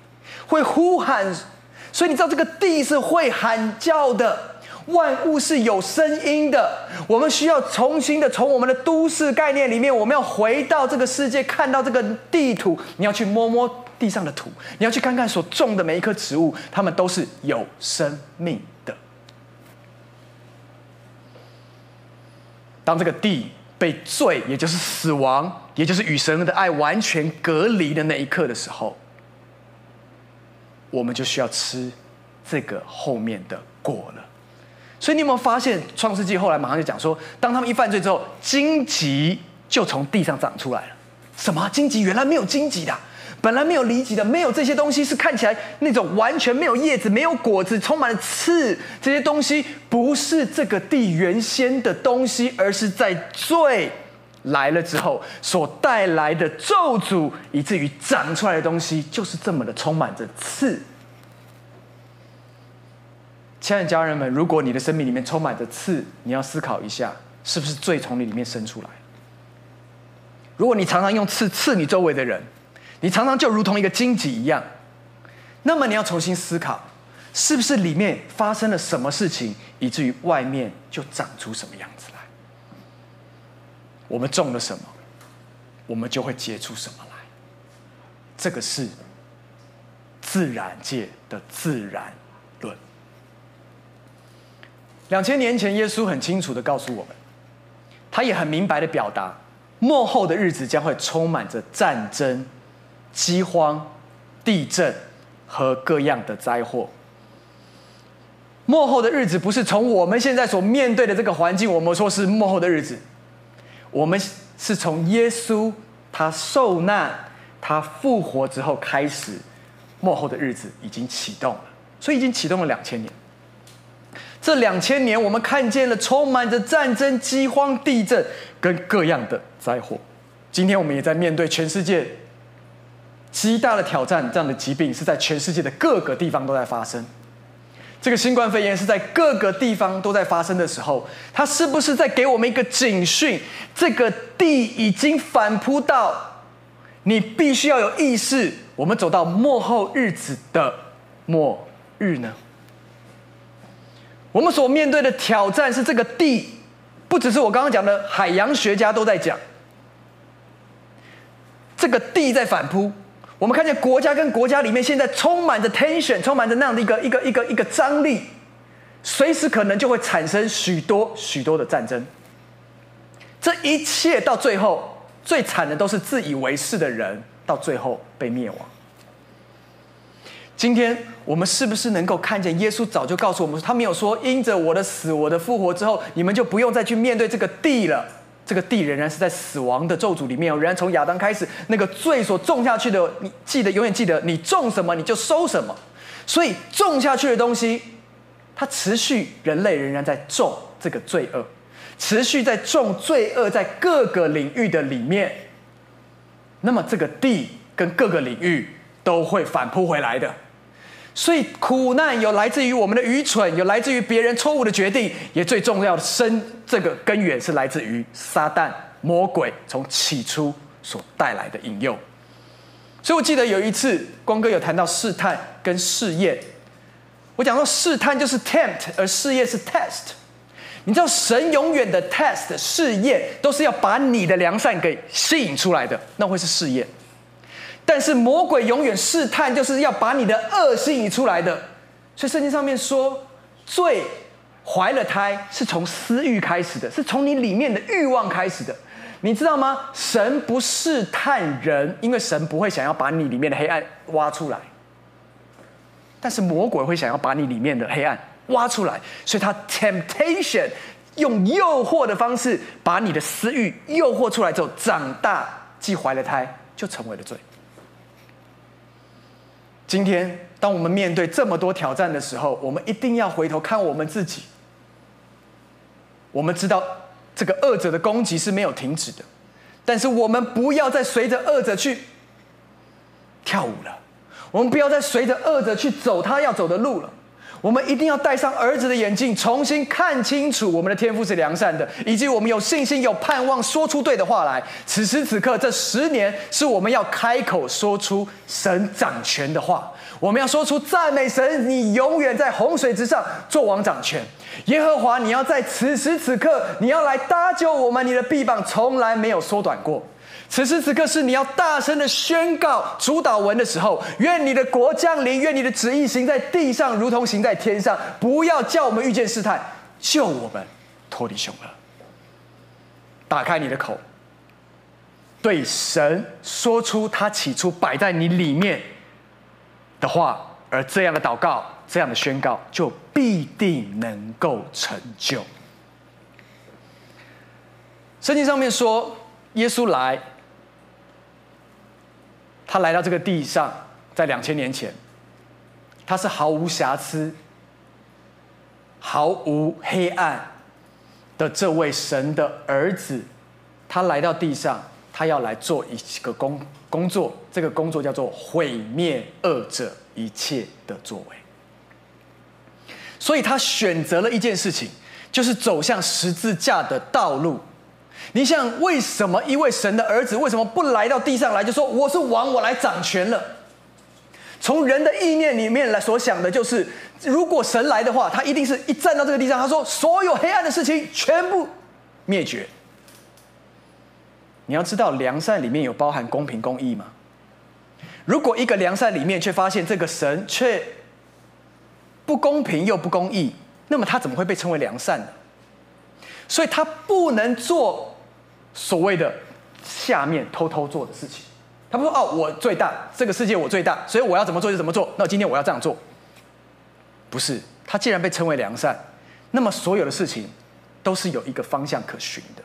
會呼喊，所以你知道這個地是會喊叫的，萬物是有聲音的。我們需要重新的從我們的都市概念裡面，我們要回到這個世界，看到這個地圖。你要去摸摸地上的土，你要去看看所種的每一棵植物，它們都是有生命。當這個地被罪，也就是死亡，也就是與神的愛完全隔離的那一刻的時候，我們就需要吃這個後面的果了。所以你有沒有發現，《創世記》後來馬上就講說，當他們一犯罪之後，荊棘就從地上長出來了。什麼？荊棘原來沒有荊棘的啊。本來沒有荊棘的，沒有這些東西，是看起來那種完全沒有葉子、沒有果子，充滿了刺這些東西，不是這個地原先的東西，而是在罪來了之後所帶來的咒詛，以至於長出來的東西就是這麼的充滿着刺。親愛的家人們，如果你的生命裡面充滿着刺，你要思考一下，是不是罪從你裡面生出來？如果你常常用刺刺你周圍的人。你常常就如同一個荊棘一樣，那麼你要重新思考，是不是裡面發生了什麼事情，以至於外面就長出什麼樣子來？我們種了什麼，我們就會結出什麼來。這個是自然界的自然論。兩千年前，耶穌很清楚地告訴我們，他也很明白地表達，末後的日子將會充滿着戰爭。饑荒、地震和各樣的災禍。末後的日子不是從我們現在所面對的這個環境，我們說是末後的日子。我們是從耶穌他受難、他復活之後開始，末後的日子已經啟動了，所以已經啟動了兩千年。這兩千年，我們看見了充滿着戰爭、饥荒、地震跟各樣的災禍。今天我們也在面對全世界。極大的挑戰，這樣的疾病是在全世界的各個地方都在發生。這個新冠肺炎是在各個地方都在發生的時候，它是不是在給我們一個警訊？這個地已經反撲到，你必須要有意識。我們走到末後日子的末日呢？我們所面對的挑戰是這個地，不只是我剛剛講的，海洋學家都在講，這個地在反撲。我們看見國家跟國家裡面現在充滿着 tension，充滿着那樣的一個一個一個一個張力，隨時可能就會產生許多許多的戰爭。這一切到最後，最慘的都是自以為是的人，到最後被滅亡。今天我們是不是能夠看見耶穌早就告訴我們，他沒有說，因着我的死，我的復活之後，你們就不用再去面對這個地了。這個地仍然是在死亡的咒詛裡面哦，仍然從亞當開始，那個罪所種下去的，你記得，永遠記得，你種什麼你就收什麼，所以種下去的東西，它持續人類仍然在種這個罪惡，持續在種罪惡在各個領域的裡面，那麼這個地跟各個領域都會反撲回來的。所以，苦難有來自於我們的愚蠢，有來自於別人錯誤的決定，也最重要的生這個根源是來自於撒旦魔鬼從起初所帶來的引誘。所以我記得有一次光哥有談到試探跟試驗，我講說試探就是 tempt，而試驗是 test。你知道神永遠的 test 試驗都是要把你的良善給吸引出來的，那會是試驗。但是魔鬼永遠試探，就是要把你的惡吸引出來的。所以聖經上面說，罪懷了胎是從私欲開始的，是從你裡面的欲望開始的。你知道嗎？神不試探人，因為神不會想要把你裡面的黑暗挖出來。但是魔鬼會想要把你裡面的黑暗挖出來，所以他 temptation 用誘惑的方式把你的私欲誘惑出來之後，長大既懷了胎，就成為了罪。今天，當我們面對這麼多挑戰的時候，我們一定要回頭看我們自己。我們知道這個惡者的攻擊是沒有停止的，但是我們不要再隨着惡者去跳舞了，我們不要再隨着惡者去走他要走的路了。我們一定要戴上兒子的眼鏡，重新看清楚我們的天賦是良善的，以及我們有信心、有盼望，說出對的話來。此時此刻，這十年是我們要開口說出神掌權的話，我們要說出讚美神，你永遠在洪水之上做王掌權。耶和華，你要在此時此刻，你要來搭救我們，你的臂膀從來沒有縮短過。此時此刻是你要大聲的宣告主禱文的時候。願你的國降臨，願你的旨意行在地上，如同行在天上。不要叫我們遇見試探，救我們脫離凶惡。打開你的口，對神說出他起初擺在你裡面的話。而這樣的禱告，這樣的宣告，就必定能夠成就。聖經上面說，耶穌來。他來到這個地上，在兩千年前，他是毫無瑕疵，毫無黑暗的這位神的兒子。他來到地上，他要來做一個工工作，這個工作叫做毀滅惡者一切的作為。所以，他選擇了一件事情，就是走向十字架的道路。你想，為什麼一位神的兒子為什麼不來到地上來就說，我是王，我來掌權了？從人的意念裡面來所想的就是，如果神來的話，他一定是一站到這個地上，他說所有黑暗的事情全部滅絕。你要知道，良善裡面有包含公平公義嗎？如果一個良善裡面卻發現這個神卻不公平又不公義，那麼他怎麼會被稱為良善呢？所以，他不能做，所謂的下面偷偷做的事情，他不說哦，我最大，這個世界我最大，所以我要怎麼做就怎麼做。那今天我要這樣做，不是他。既然被稱為良善，那麼所有的事情都是有一個方向可循的。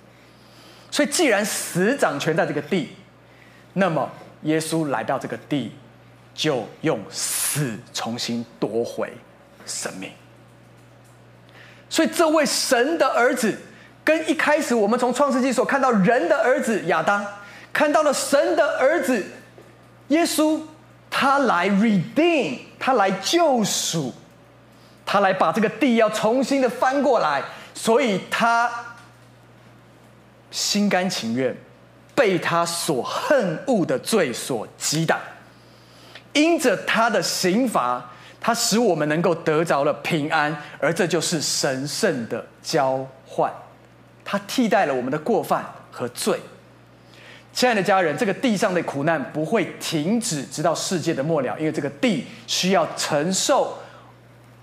所以既然死掌權在這個地，那麼耶穌來到這個地，就用死重新奪回生命。所以這位神的兒子。跟一開始我們從創世紀所看到人的兒子亞當，看到了神的兒子耶穌，他來 redeem，他來救贖，他來把這個地要重新的翻過來，所以他心甘情願被他所恨惡的罪所擊打，因着他的刑罰，他使我們能夠得着了平安，而這就是神聖的交換。他替代了我們的過犯和罪，親愛的家人，這個地上的苦難不會停止，直到世界的末了，因為這個地需要承受，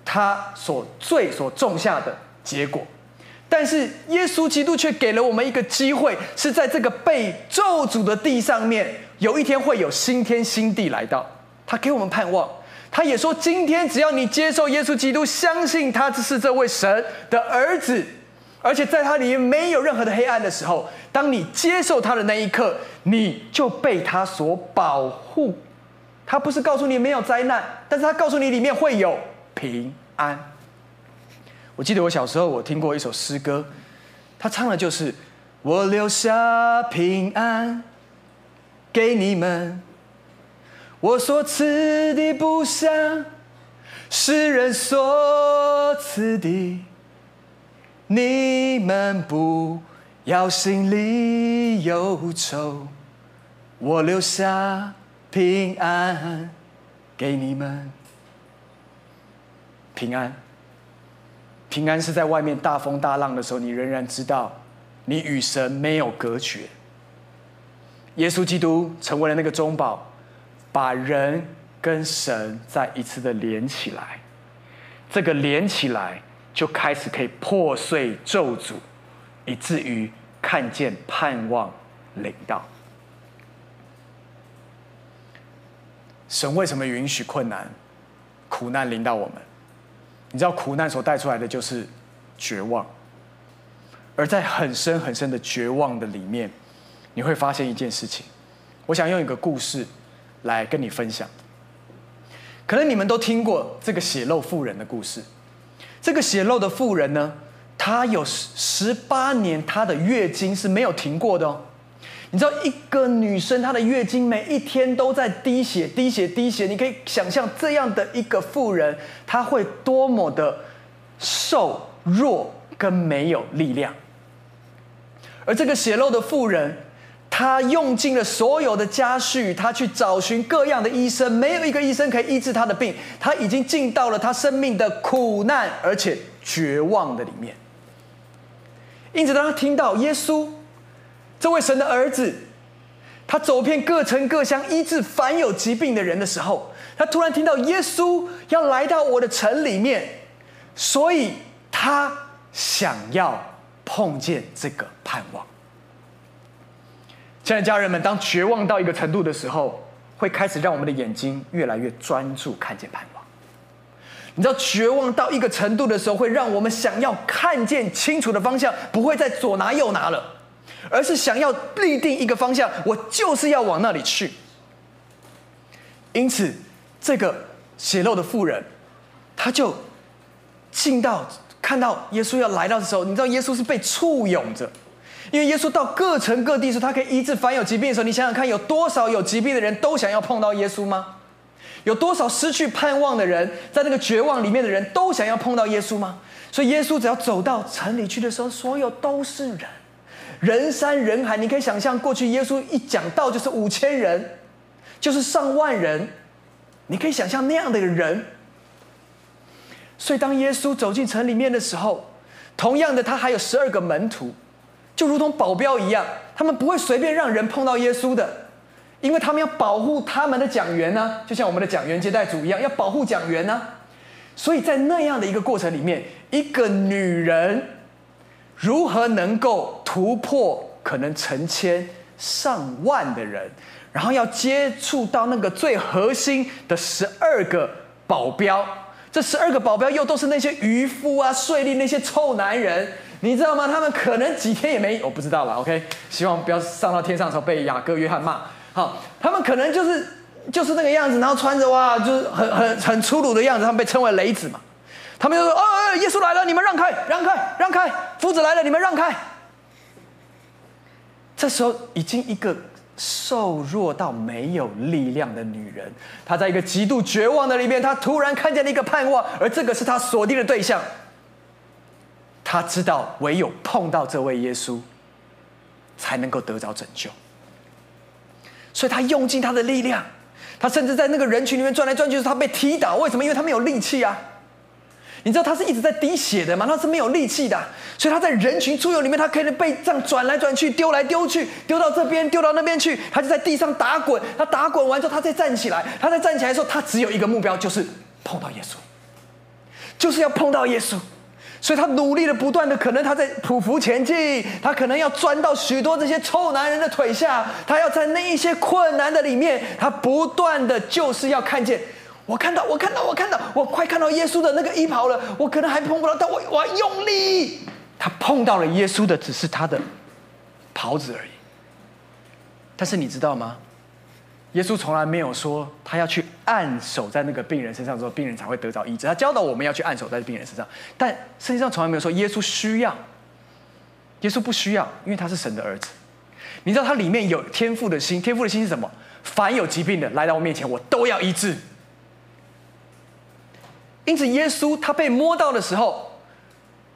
他所罪所種下的結果。但是耶穌基督卻給了我們一個機會，是在這個被咒詛的地上面，有一天會有新天新地來到。他給我們盼望，他也說，今天只要你接受耶穌基督，相信他是這位神的兒子。而且在它裡面沒有任何的黑暗的時候，當你接受它的那一刻，你就被它所保護。他不是告訴你沒有災難，但是他告訴你裡面會有平安。我記得我小時候我聽過一首詩歌，他唱的就是：“我留下平安給你們，我所賜的不像世人所賜的。”你們不要心裡憂愁，我留下平安給你們。平安，平安是在外面大風大浪的時候，你仍然知道你與神沒有隔絕。耶穌基督成為了那個中保，把人跟神再一次的連起來。這個連起來。就開始可以破碎咒詛，以至於看見盼望臨到。神為什麼允許困難、苦難臨到我們？你知道苦難所帶出來的就是絕望，而在很深很深的絕望的裡面，你會發現一件事情。我想用一個故事來跟你分享。可能你們都聽過這個血漏婦人的故事。這個血漏的婦人呢，她有十八年，她的月經是沒有停過的哦。你知道，一個女生她的月經每一天都在滴血、滴血、滴血，你可以想象這樣的一個婦人，她會多麼的瘦弱跟沒有力量。而這個血漏的婦人，他用盡了所有的家畜，他去找尋各樣的醫生，沒有一個醫生可以醫治他的病。他已經進到了他生命的苦難而且絕望的裡面。因此，當他聽到耶穌這位神的兒子，他走遍各城各鄉醫治凡有疾病的人的時候，他突然聽到耶穌要來到我的城裡面，所以他想要碰見這個盼望。親愛的家人們，當絕望到一個程度的時候，會開始讓我們的眼睛越來越專注，看見盼望。你知道，絕望到一個程度的時候，會讓我們想要看見清楚的方向，不會再左拿右拿了，而是想要立定一個方向，我就是要往那裡去。因此，這個血漏的婦人，她就進到看到耶穌要來到的時候，你知道，耶穌是被簇擁着。因為耶穌到各城各地的時候，他可以醫治凡有疾病的時候，你想想看，有多少有疾病的人都想要碰到耶穌嗎？有多少失去盼望的人，在那個絕望裡面的人都想要碰到耶穌嗎？所以耶穌只要走到城裡去的時候，所有都是人，人山人海。你可以想象，過去耶穌一講道就是五千人，就是上萬人。你可以想象那樣的人。所以當耶穌走進城裡面的時候，同樣的，他還有十二個門徒。就如同保鏢一樣，他們不會隨便讓人碰到耶穌的，因為他們要保護他們的講員呢、啊，就像我們的講員接待組一樣，要保護講員呢、啊。所以在那樣的一個過程裡面，一個女人如何能夠突破可能成千上萬的人，然後要接觸到那個最核心的十二個保鏢？這十二個保鏢又都是那些漁夫啊、稅吏那些臭男人。你知道嗎？他們可能幾天也沒，我、哦、不知道啦。OK，希望不要上到天上的時候被雅各約翰罵。好，他們可能就是就是那個樣子，然後穿着哇，就是很很很粗魯的樣子。他們被稱為雷子嘛，他們就說：“哦，耶穌來了，你們讓開，讓開，讓開！夫子來了，你們讓開。”這時候已經一個瘦弱到沒有力量的女人，她在一個極度絕望的裡面，她突然看見了一個盼望，而這個是她鎖定的對象。他知道，唯有碰到這位耶穌，才能夠得着拯救。所以他用盡他的力量，他甚至在那個人群裡面轉來轉去，說、就是、他被踢倒，為什麼？因為他沒有力氣啊！你知道他是一直在滴血的嗎？他是沒有力氣的、啊，所以他在人群簇擁裡面，他可以被這樣轉來轉去、丟來丟去、丟到這邊、丟到那邊去。他就在地上打滾，他打滾完之後，他再站起來，他再站起來的時候，他只有一個目標，就是碰到耶穌，就是要碰到耶穌。所以他努力的、不斷的，可能他在匍匐前進，他可能要鑽到許多這些臭男人的腿下，他要在那一些困難的裡面，他不斷的就是要看見，我看到，我看到，我看到，我快看到耶穌的那個衣袍了，我可能還碰不到，但我我要用力，他碰到了耶穌的只是他的袍子而已，但是你知道嗎？耶穌從來沒有說他要去按手在那個病人身上之後，病人才會得到醫治。他教導我們要去按手在病人身上，但聖經上從來沒有說耶穌需要，耶穌不需要，因為他是神的兒子。你知道他裡面有天父的心，天父的心是什麼？凡有疾病的來到我面前，我都要醫治。因此，耶穌他被摸到的時候，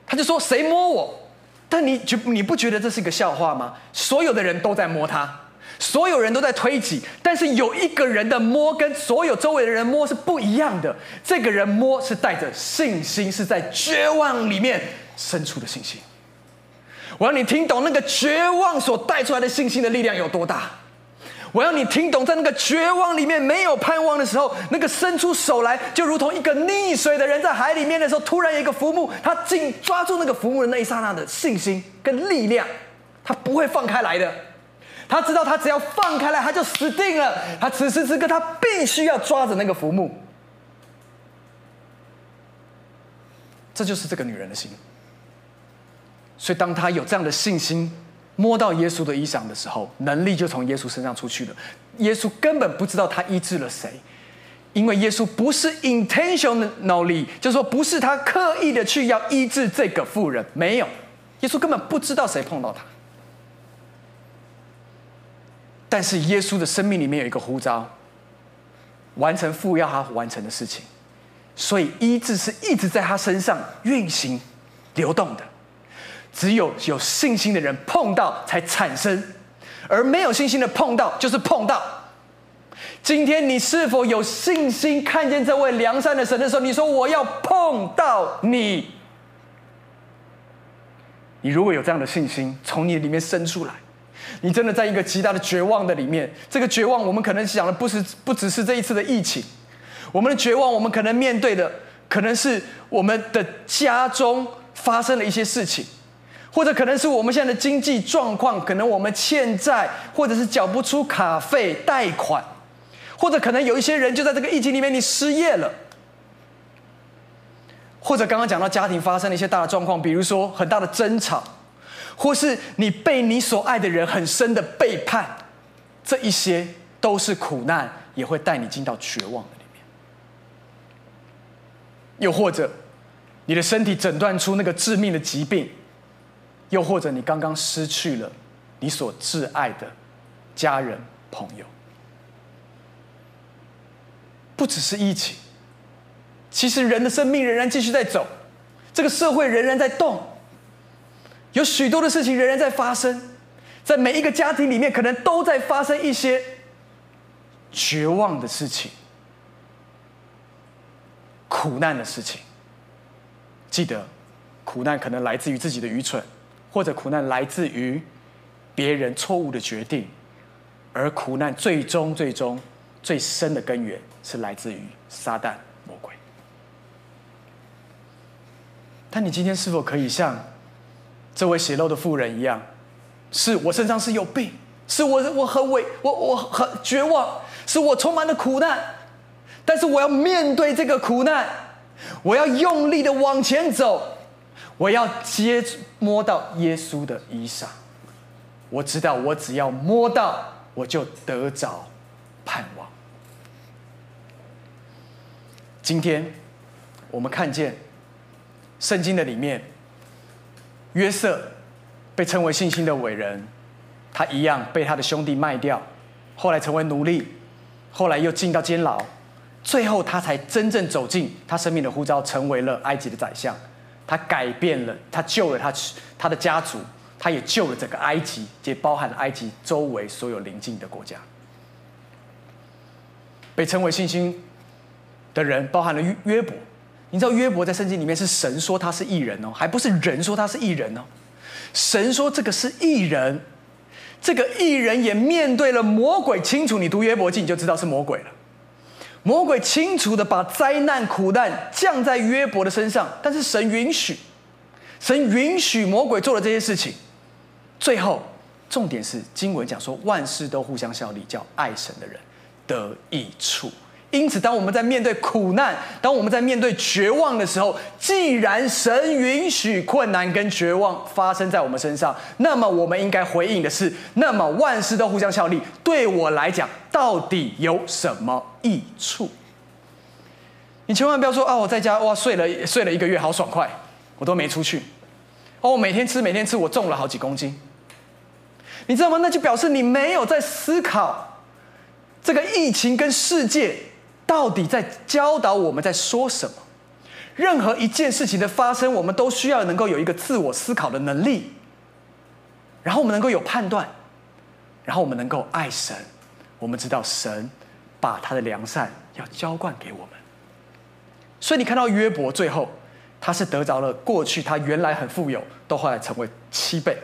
他就說：“誰摸我？”但你覺你不覺得這是一個笑話嗎？所有的人都在摸他。所有人都在推擠，但是有一個人的摸跟所有周圍的人摸是不一樣的。這個人摸是帶着信心，是在絕望裡面伸出的信心。我要你聽懂那個絕望所帶出來的信心的力量有多大。我要你聽懂，在那個絕望裡面沒有盼望的時候，那個伸出手來，就如同一個溺水的人在海裡面的時候，突然有一個浮木，他緊抓住那個浮木的那一剎那的信心跟力量，他不會放開來的。他知道，他只要放開來，他就死定了。他此時此刻，他必須要抓着那個浮木。這就是這個女人的心。所以，當他有這樣的信心，摸到耶穌的衣裳的時候，能力就從耶穌身上出去了。耶穌根本不知道他醫治了誰，因為耶穌不是 intentionally，就是說，不是他刻意的去要醫治這個婦人，沒有。耶穌根本不知道誰碰到他。但是耶穌的生命裡面有一個呼召，完成父要他完成的事情，所以醫治是一直在他身上運行、流動的。只有有信心的人碰到才產生，而沒有信心的碰到就是碰到。今天你是否有信心看見這位良善的神的時候，你說我要碰到你？你如果有這樣的信心，從你裡面生出來。你真的在一個極大的絕望的裡面，這個絕望我們可能講的不是不只是這一次的疫情。我們的絕望，我們可能面對的可能是我們的家中發生了一些事情，或者可能是我們現在的經濟狀況，可能我們欠債，或者是繳不出卡費、貸款，或者可能有一些人就在這個疫情裡面你失業了，或者剛剛講到家庭發生了一些大的狀況，比如說很大的爭吵。或是你被你所愛的人很深的背叛，這一些都是苦難，也會帶你進到絕望的裡面。又或者，你的身體診斷出那個致命的疾病，又或者你剛剛失去了你所摯愛的家人朋友。不只是疫情，其實人的生命仍然繼續在走，這個社會仍然在動。有許多的事情仍然在發生，在每一個家庭裡面，可能都在發生一些絕望的事情、苦難的事情。記得，苦難可能來自於自己的愚蠢，或者苦難來自於別人錯誤的決定，而苦難最終、最終、最深的根源是來自於撒旦魔鬼。但你今天是否可以像這位血漏的婦人一樣，是我身上是有病，是我我很委，我我很絕望，是我充滿了苦難，但是我要面對這個苦難，我要用力的往前走，我要接摸到耶穌的衣裳，我知道我只要摸到，我就得着盼望。今天我們看見，聖經的裡面。約瑟被稱為信心的偉人，他一樣被他的兄弟賣掉，後來成為奴隸，後來又進到監牢，最後他才真正走進他生命的呼召，成為了埃及的宰相。他改變了，他救了他他的家族，他也救了整個埃及，也包含了埃及周圍所有鄰近的國家。被稱為信心的人，包含了約約伯。你知道約伯在聖經裡面是神說他是義人哦，還不是人說他是義人哦，神說這個是義人，這個義人也面對了魔鬼，清楚。你讀約伯記你就知道是魔鬼了，魔鬼清楚的把災難苦難降在約伯的身上，但是神允許，神允許魔鬼做了這些事情。最後重點是經文講說萬事都互相效力，叫愛神的人得益處。因此，當我們在面對苦難，當我們在面對絕望的時候，既然神允許困難跟絕望發生在我們身上，那麼我們應該回應的是：那麼萬事都互相效力，對我來講，到底有什麼益處？你千萬不要說啊！我在家哇，睡了睡了一個月，好爽快，我都沒出去。哦，我每天吃，每天吃，我重了好幾公斤。你知道嗎？那就表示你沒有在思考這個疫情跟世界。到底在教導我們在說什麼？任何一件事情的發生，我們都需要能夠有一個自我思考的能力，然後我們能夠有判斷，然後我們能夠愛神。我們知道神把他的良善要澆灌給我們，所以你看到約伯最後，他是得着了過去他原來很富有，到後來成為七倍。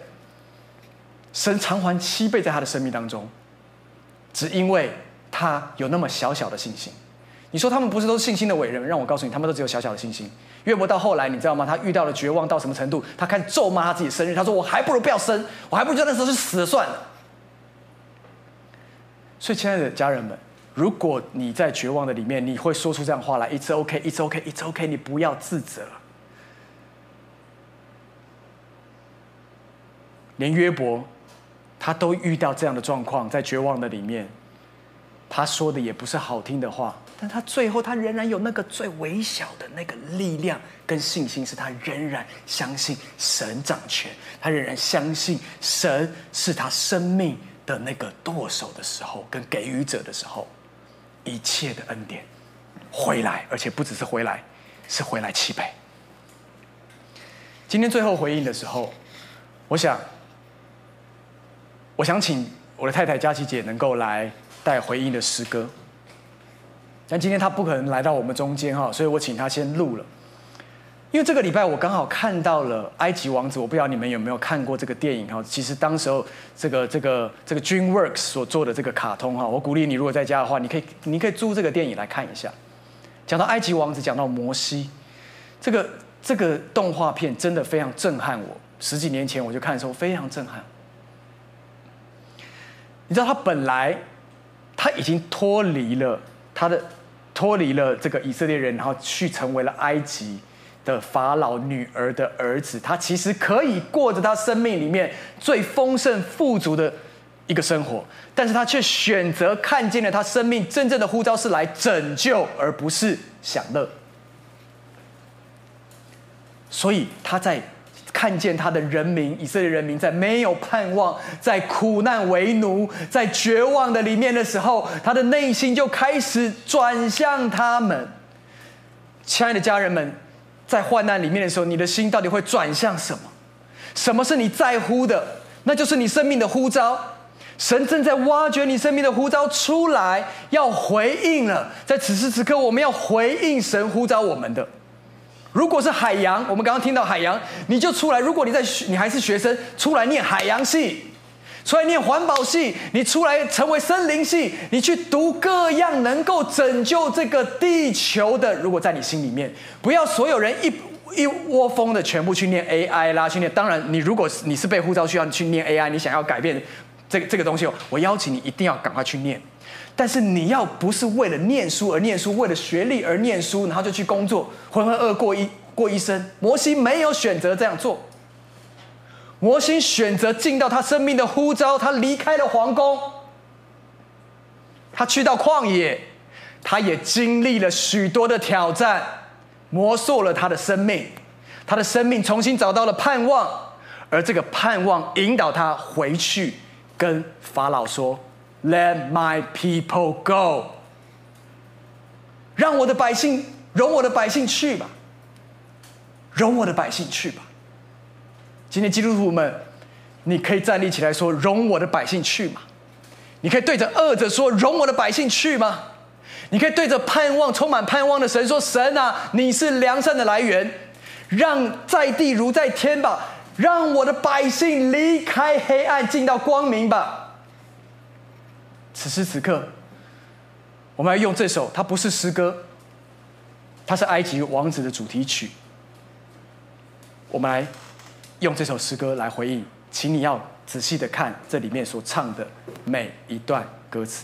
神償還七倍在他的生命當中，只因為他有那麼小小的信心。你說他們不是都是信心的偉人？讓我告訴你，他們都只有小小的信心。約伯到後來，你知道嗎？他遇到了絕望到什麼程度？他開始咒罵他自己生日，他說：“我還不如不要生，我還不如就那時候就死了算了。”所以，親愛的家人們，如果你在絕望的裡面，你會說出這樣話來：“It's okay, it's okay, it's okay。”你不要自責。連約伯，他都遇到這樣的狀況，在絕望的裡面，他說的也不是好聽的話。但他最後，他仍然有那個最微小的那個力量跟信心，是他仍然相信神掌權，他仍然相信神是他生命的那個舵手的時候跟給予者的時候，一切的恩典回來，而且不只是回來，是回來七倍。今天最後回應的時候，我想，我想請我的太太佳琪姐能夠來帶回應的詩歌。但今天他不可能來到我們中間哈，所以我請他先錄了。因為這個禮拜我剛好看到了《埃及王子》，我不知道你們有沒有看過這個電影哈。其實當時候這個這個這個 DreamWorks 所做的這個卡通哈，我鼓勵你，如果在家的話，你可以你可以租這個電影來看一下。講到埃及王子，講到摩西，這個這個動畫片真的非常震撼我。十幾年前我就看的時候非常震撼。你知道他本來他已經脫離了。他的脫離了這個以色列人，然後去成為了埃及的法老女兒的兒子。他其實可以過着他生命裡面最豐盛富足的一個生活，但是他卻選擇看見了他生命真正的呼召是來拯救，而不是享樂。所以他在。看見他的人民以色列人民在沒有盼望，在苦難為奴，在絕望的裡面的時候，他的內心就開始轉向他們。親愛的家人們，在患難裡面的時候，你的心到底會轉向什麼？什麼是你在乎的？那就是你生命的呼召。神正在挖掘你生命的呼召出來，要回應了。在此時此刻，我們要回應神呼召我們的。如果是海洋，我們剛剛聽到海洋，你就出來。如果你在，你還是學生，出來念海洋系，出來念環保系，你出來成為森林系，你去讀各樣能夠拯救這個地球的。如果在你心裡面，不要所有人一一窩蜂的全部去念 AI 啦，去念。當然，你如果是你是被呼召需要你去念 AI，你想要改變這個這個東西哦，我邀請你一定要趕快去念。但是你要不是為了念書而念書，為了學歷而念書，然後就去工作，渾渾噩噩過一過一生。摩西沒有選擇這樣做。摩西選擇進到他生命的呼召，他離開了皇宮，他去到曠野，他也經歷了許多的挑戰，磨碎了他的生命，他的生命重新找到了盼望，而這個盼望引導他回去跟法老說。Let my people go，讓我的百姓，容我的百姓去吧，容我的百姓去吧。今天基督徒們，你可以站立起來說，容我的百姓去嗎？你可以對着惡者說，容我的百姓去嗎？你可以對着盼望充滿盼望的神說，神啊，你是良善的來源，讓在地如在天吧，讓我的百姓離開黑暗，進到光明吧。此時此刻，我們來用這首，它不是詩歌，它是埃及王子的主題曲。我們來用這首詩歌來回應，請你要仔細的看這裡面所唱的每一段歌詞。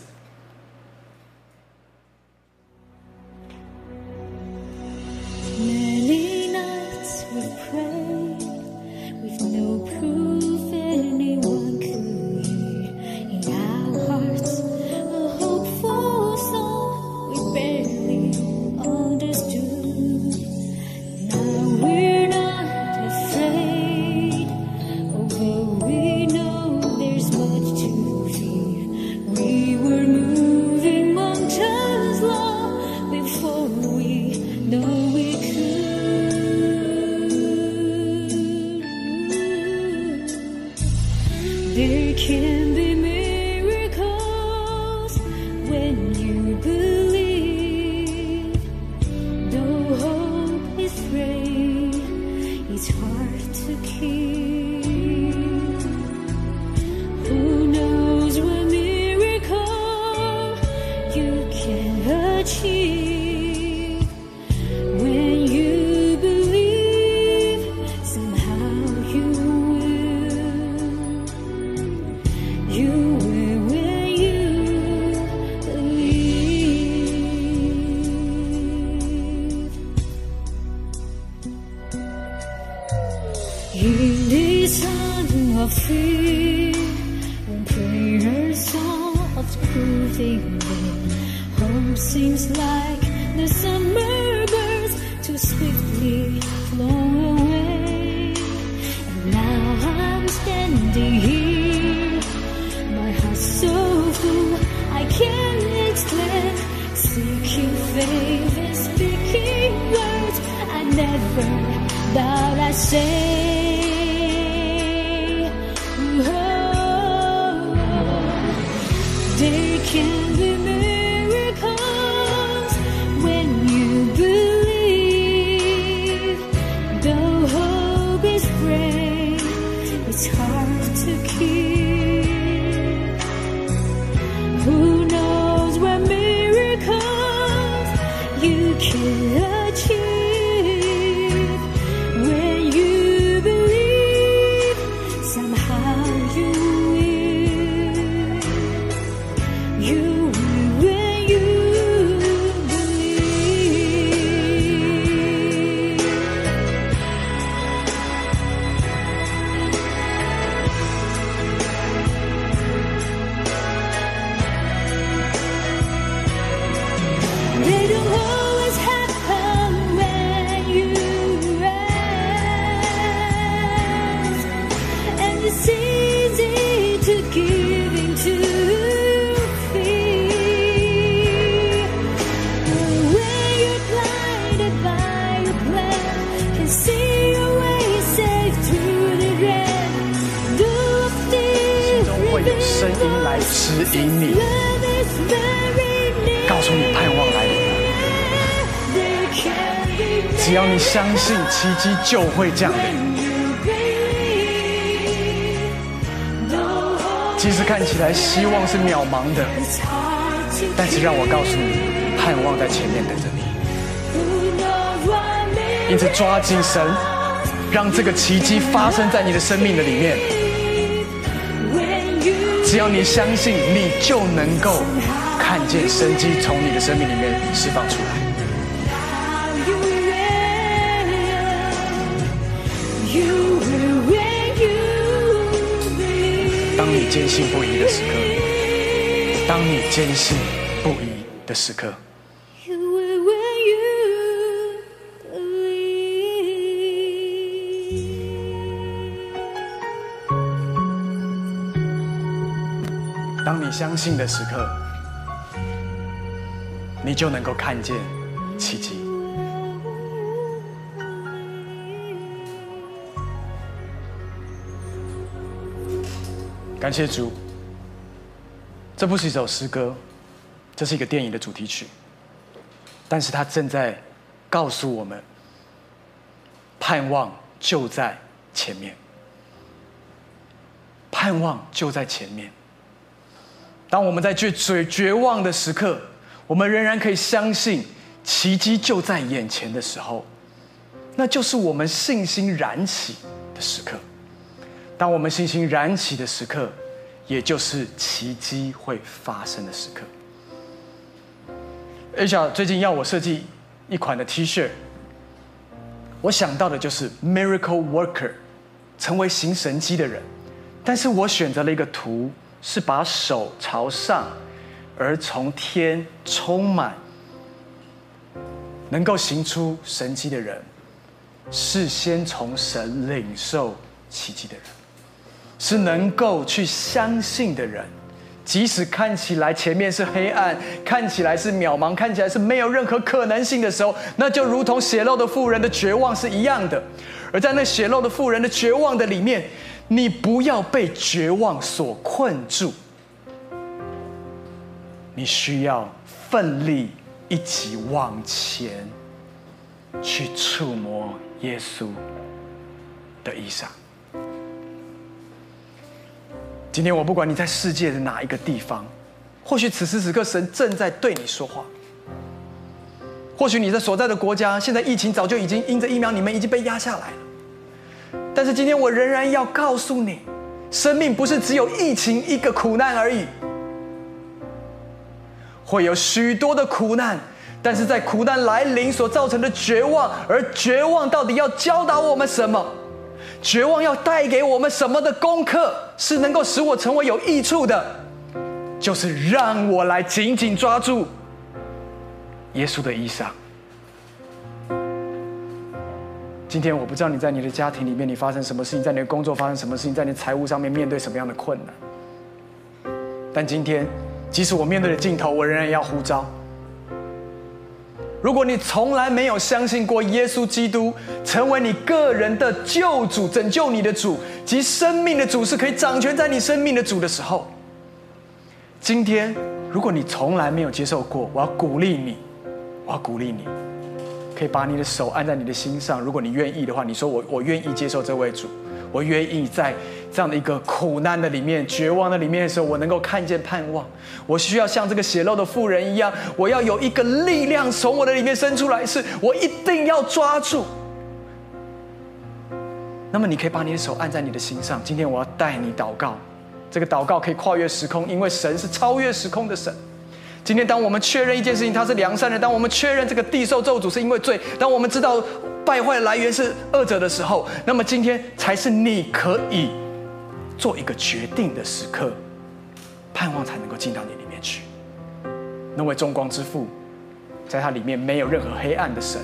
奇蹟就會降臨。其實看起來希望是渺茫的，但是讓我告訴你，盼望在前面等着你。因此，抓緊神，讓這個奇蹟發生在你的生命的裡面。只要你相信，你就能夠看見生機從你的生命裡面釋放出來。堅信不疑的時刻，當你堅信不疑的時刻，當你相信的時刻，你就能夠看見。感謝主，這不是一首詩歌，這是一個電影的主題曲，但是它正在告訴我們：盼望就在前面，盼望就在前面。當我們在最最絕絕望的時刻，我們仍然可以相信奇蹟就在眼前的時候，那就是我們信心燃起的時刻。當我們信心燃起的時刻，也就是奇蹟會發生的時刻。Aisha 最近要我設計一款的 T 恤，我想到的就是 “Miracle Worker”，成為行神蹟的人。但是我選擇了一個圖，是把手朝上，而從天充滿，能夠行出神蹟的人，是先從神領受奇跡的人。是能夠去相信的人，即使看起來前面是黑暗，看起來是渺茫，看起來是沒有任何可能性的時候，那就如同血漏的婦人的絕望是一樣的。而在那血漏的婦人的絕望的裡面，你不要被絕望所困住，你需要奮力一起往前，去觸摸耶穌的衣裳。今天我不管你在世界的哪一個地方，或許此時此刻神正在對你說話，或許你在所在的國家，現在疫情早就已經因着疫苗，你們已經被壓下來了，但是今天我仍然要告訴你，生命不是只有疫情一個苦難而已，會有許多的苦難，但是在苦難來臨所造成的絕望，而絕望到底要教導我們什麼？絕望要帶給我們什麼的功課，是能夠使我成為有益處的，就是讓我來緊緊抓住耶穌的衣裳。今天我不知道你在你的家庭裡面，你發生什麼事情，在你的工作發生什麼事情，在你財務上面面對什麼樣的困難，但今天即使我面對的鏡頭，我仍然要呼召。如果你從來沒有相信過耶穌基督成為你個人的救主、拯救你的主及生命的主，是可以掌權在你生命的主的時候，今天如果你從來沒有接受過，我要鼓勵你，我要鼓勵你，可以把你的手按在你的心上。如果你願意的話，你說我，我願意接受這位主。我願意在這樣的一個苦難的裡面、絕望的裡面的時候，我能夠看見盼望。我需要像這個血漏的婦人一樣，我要有一個力量從我的裡面伸出來，是我一定要抓住。那麼，你可以把你的手按在你的心上。今天，我要帶你禱告，這個禱告可以跨越時空，因為神是超越時空的神。今天，當我們確認一件事情，它是良善的；當我們確認這個地受咒詛是因為罪；當我們知道敗壞的來源是惡者的時候，那麼今天才是你可以做一個決定的時刻。盼望才能夠進到你裡面去，那位眾光之父，在他裡面沒有任何黑暗的神，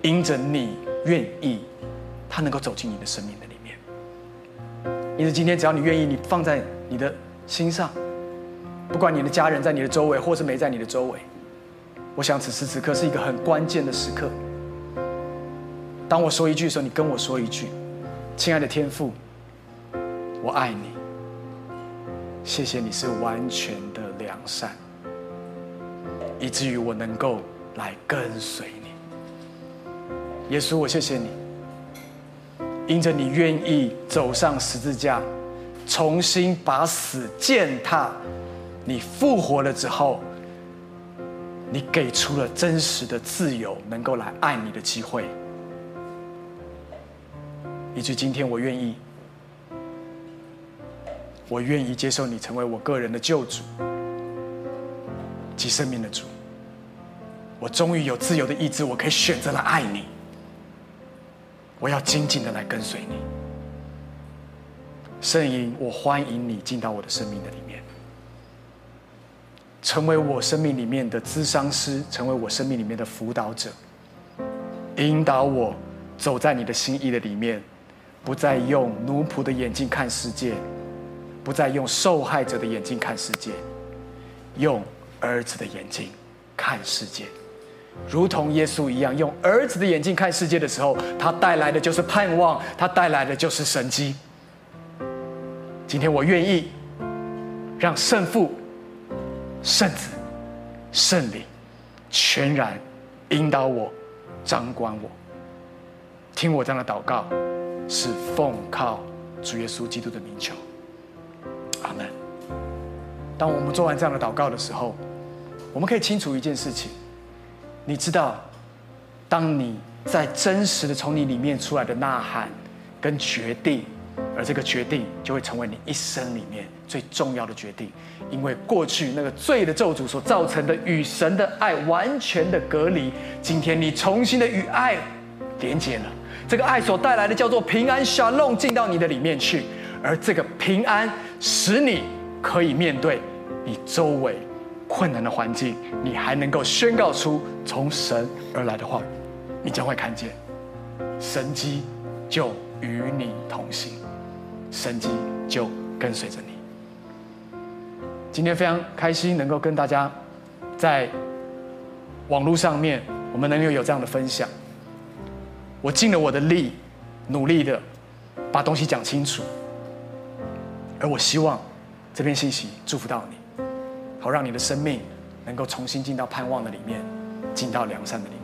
因着你願意，他能夠走進你的生命的裡面。因此，今天只要你願意，你放在你的心上。不管你的家人在你的周圍，或是沒在你的周圍，我想此時此刻是一個很關鍵的時刻。當我說一句的時候，你跟我說一句：“親愛的天父，我愛你，謝謝你是完全的良善，以至於我能夠來跟隨你。”耶穌，我謝謝你，因着你願意走上十字架，重新把死踐踏。你復活了之後，你給出了真實的自由，能夠來愛你的機會。以及今天我願意，我願意接受你成為我個人的救主及生命的主。我終於有自由的意志，我可以選擇來愛你。我要緊緊的來跟隨你，聖音，我歡迎你進到我的生命的裡面。成為我生命裡面的諮商師，成為我生命裡面的輔導者，引導我走在你的心意的裡面，不再用奴僕的眼睛看世界，不再用受害者的眼睛看世界，用兒子的眼睛看世界，如同耶穌一樣，用兒子的眼睛看世界的時候，他帶來的就是盼望，他帶來的就是神蹟。今天我願意讓聖父、聖子、聖靈，全然引導我、掌管我。聽我這樣的禱告，是奉靠主耶穌基督的名求。阿門。當我們做完這樣的禱告的時候，我們可以清楚一件事情，你知道，當你在真實的從你裡面出來的吶喊跟決定，而這個決定就會成為你一生裡面。最重要的決定，因為過去那個罪的咒詛所造成的與神的愛完全的隔離，今天你重新的與愛連接了，這個愛所帶來的叫做平安，Shalom 進到你的裡面去，而這個平安使你可以面對你周圍困難的環境，你還能夠宣告出從神而來的話語，你將會看見神蹟就與你同行，神蹟就跟隨着你。今天非常開心能夠跟大家，在網絡上面，我們能夠有這樣的分享。我盡了我的力，努力的把東西講清楚，而我希望這篇信息祝福到你，好讓你的生命能夠重新進到盼望的裡面，進到良善的裡面。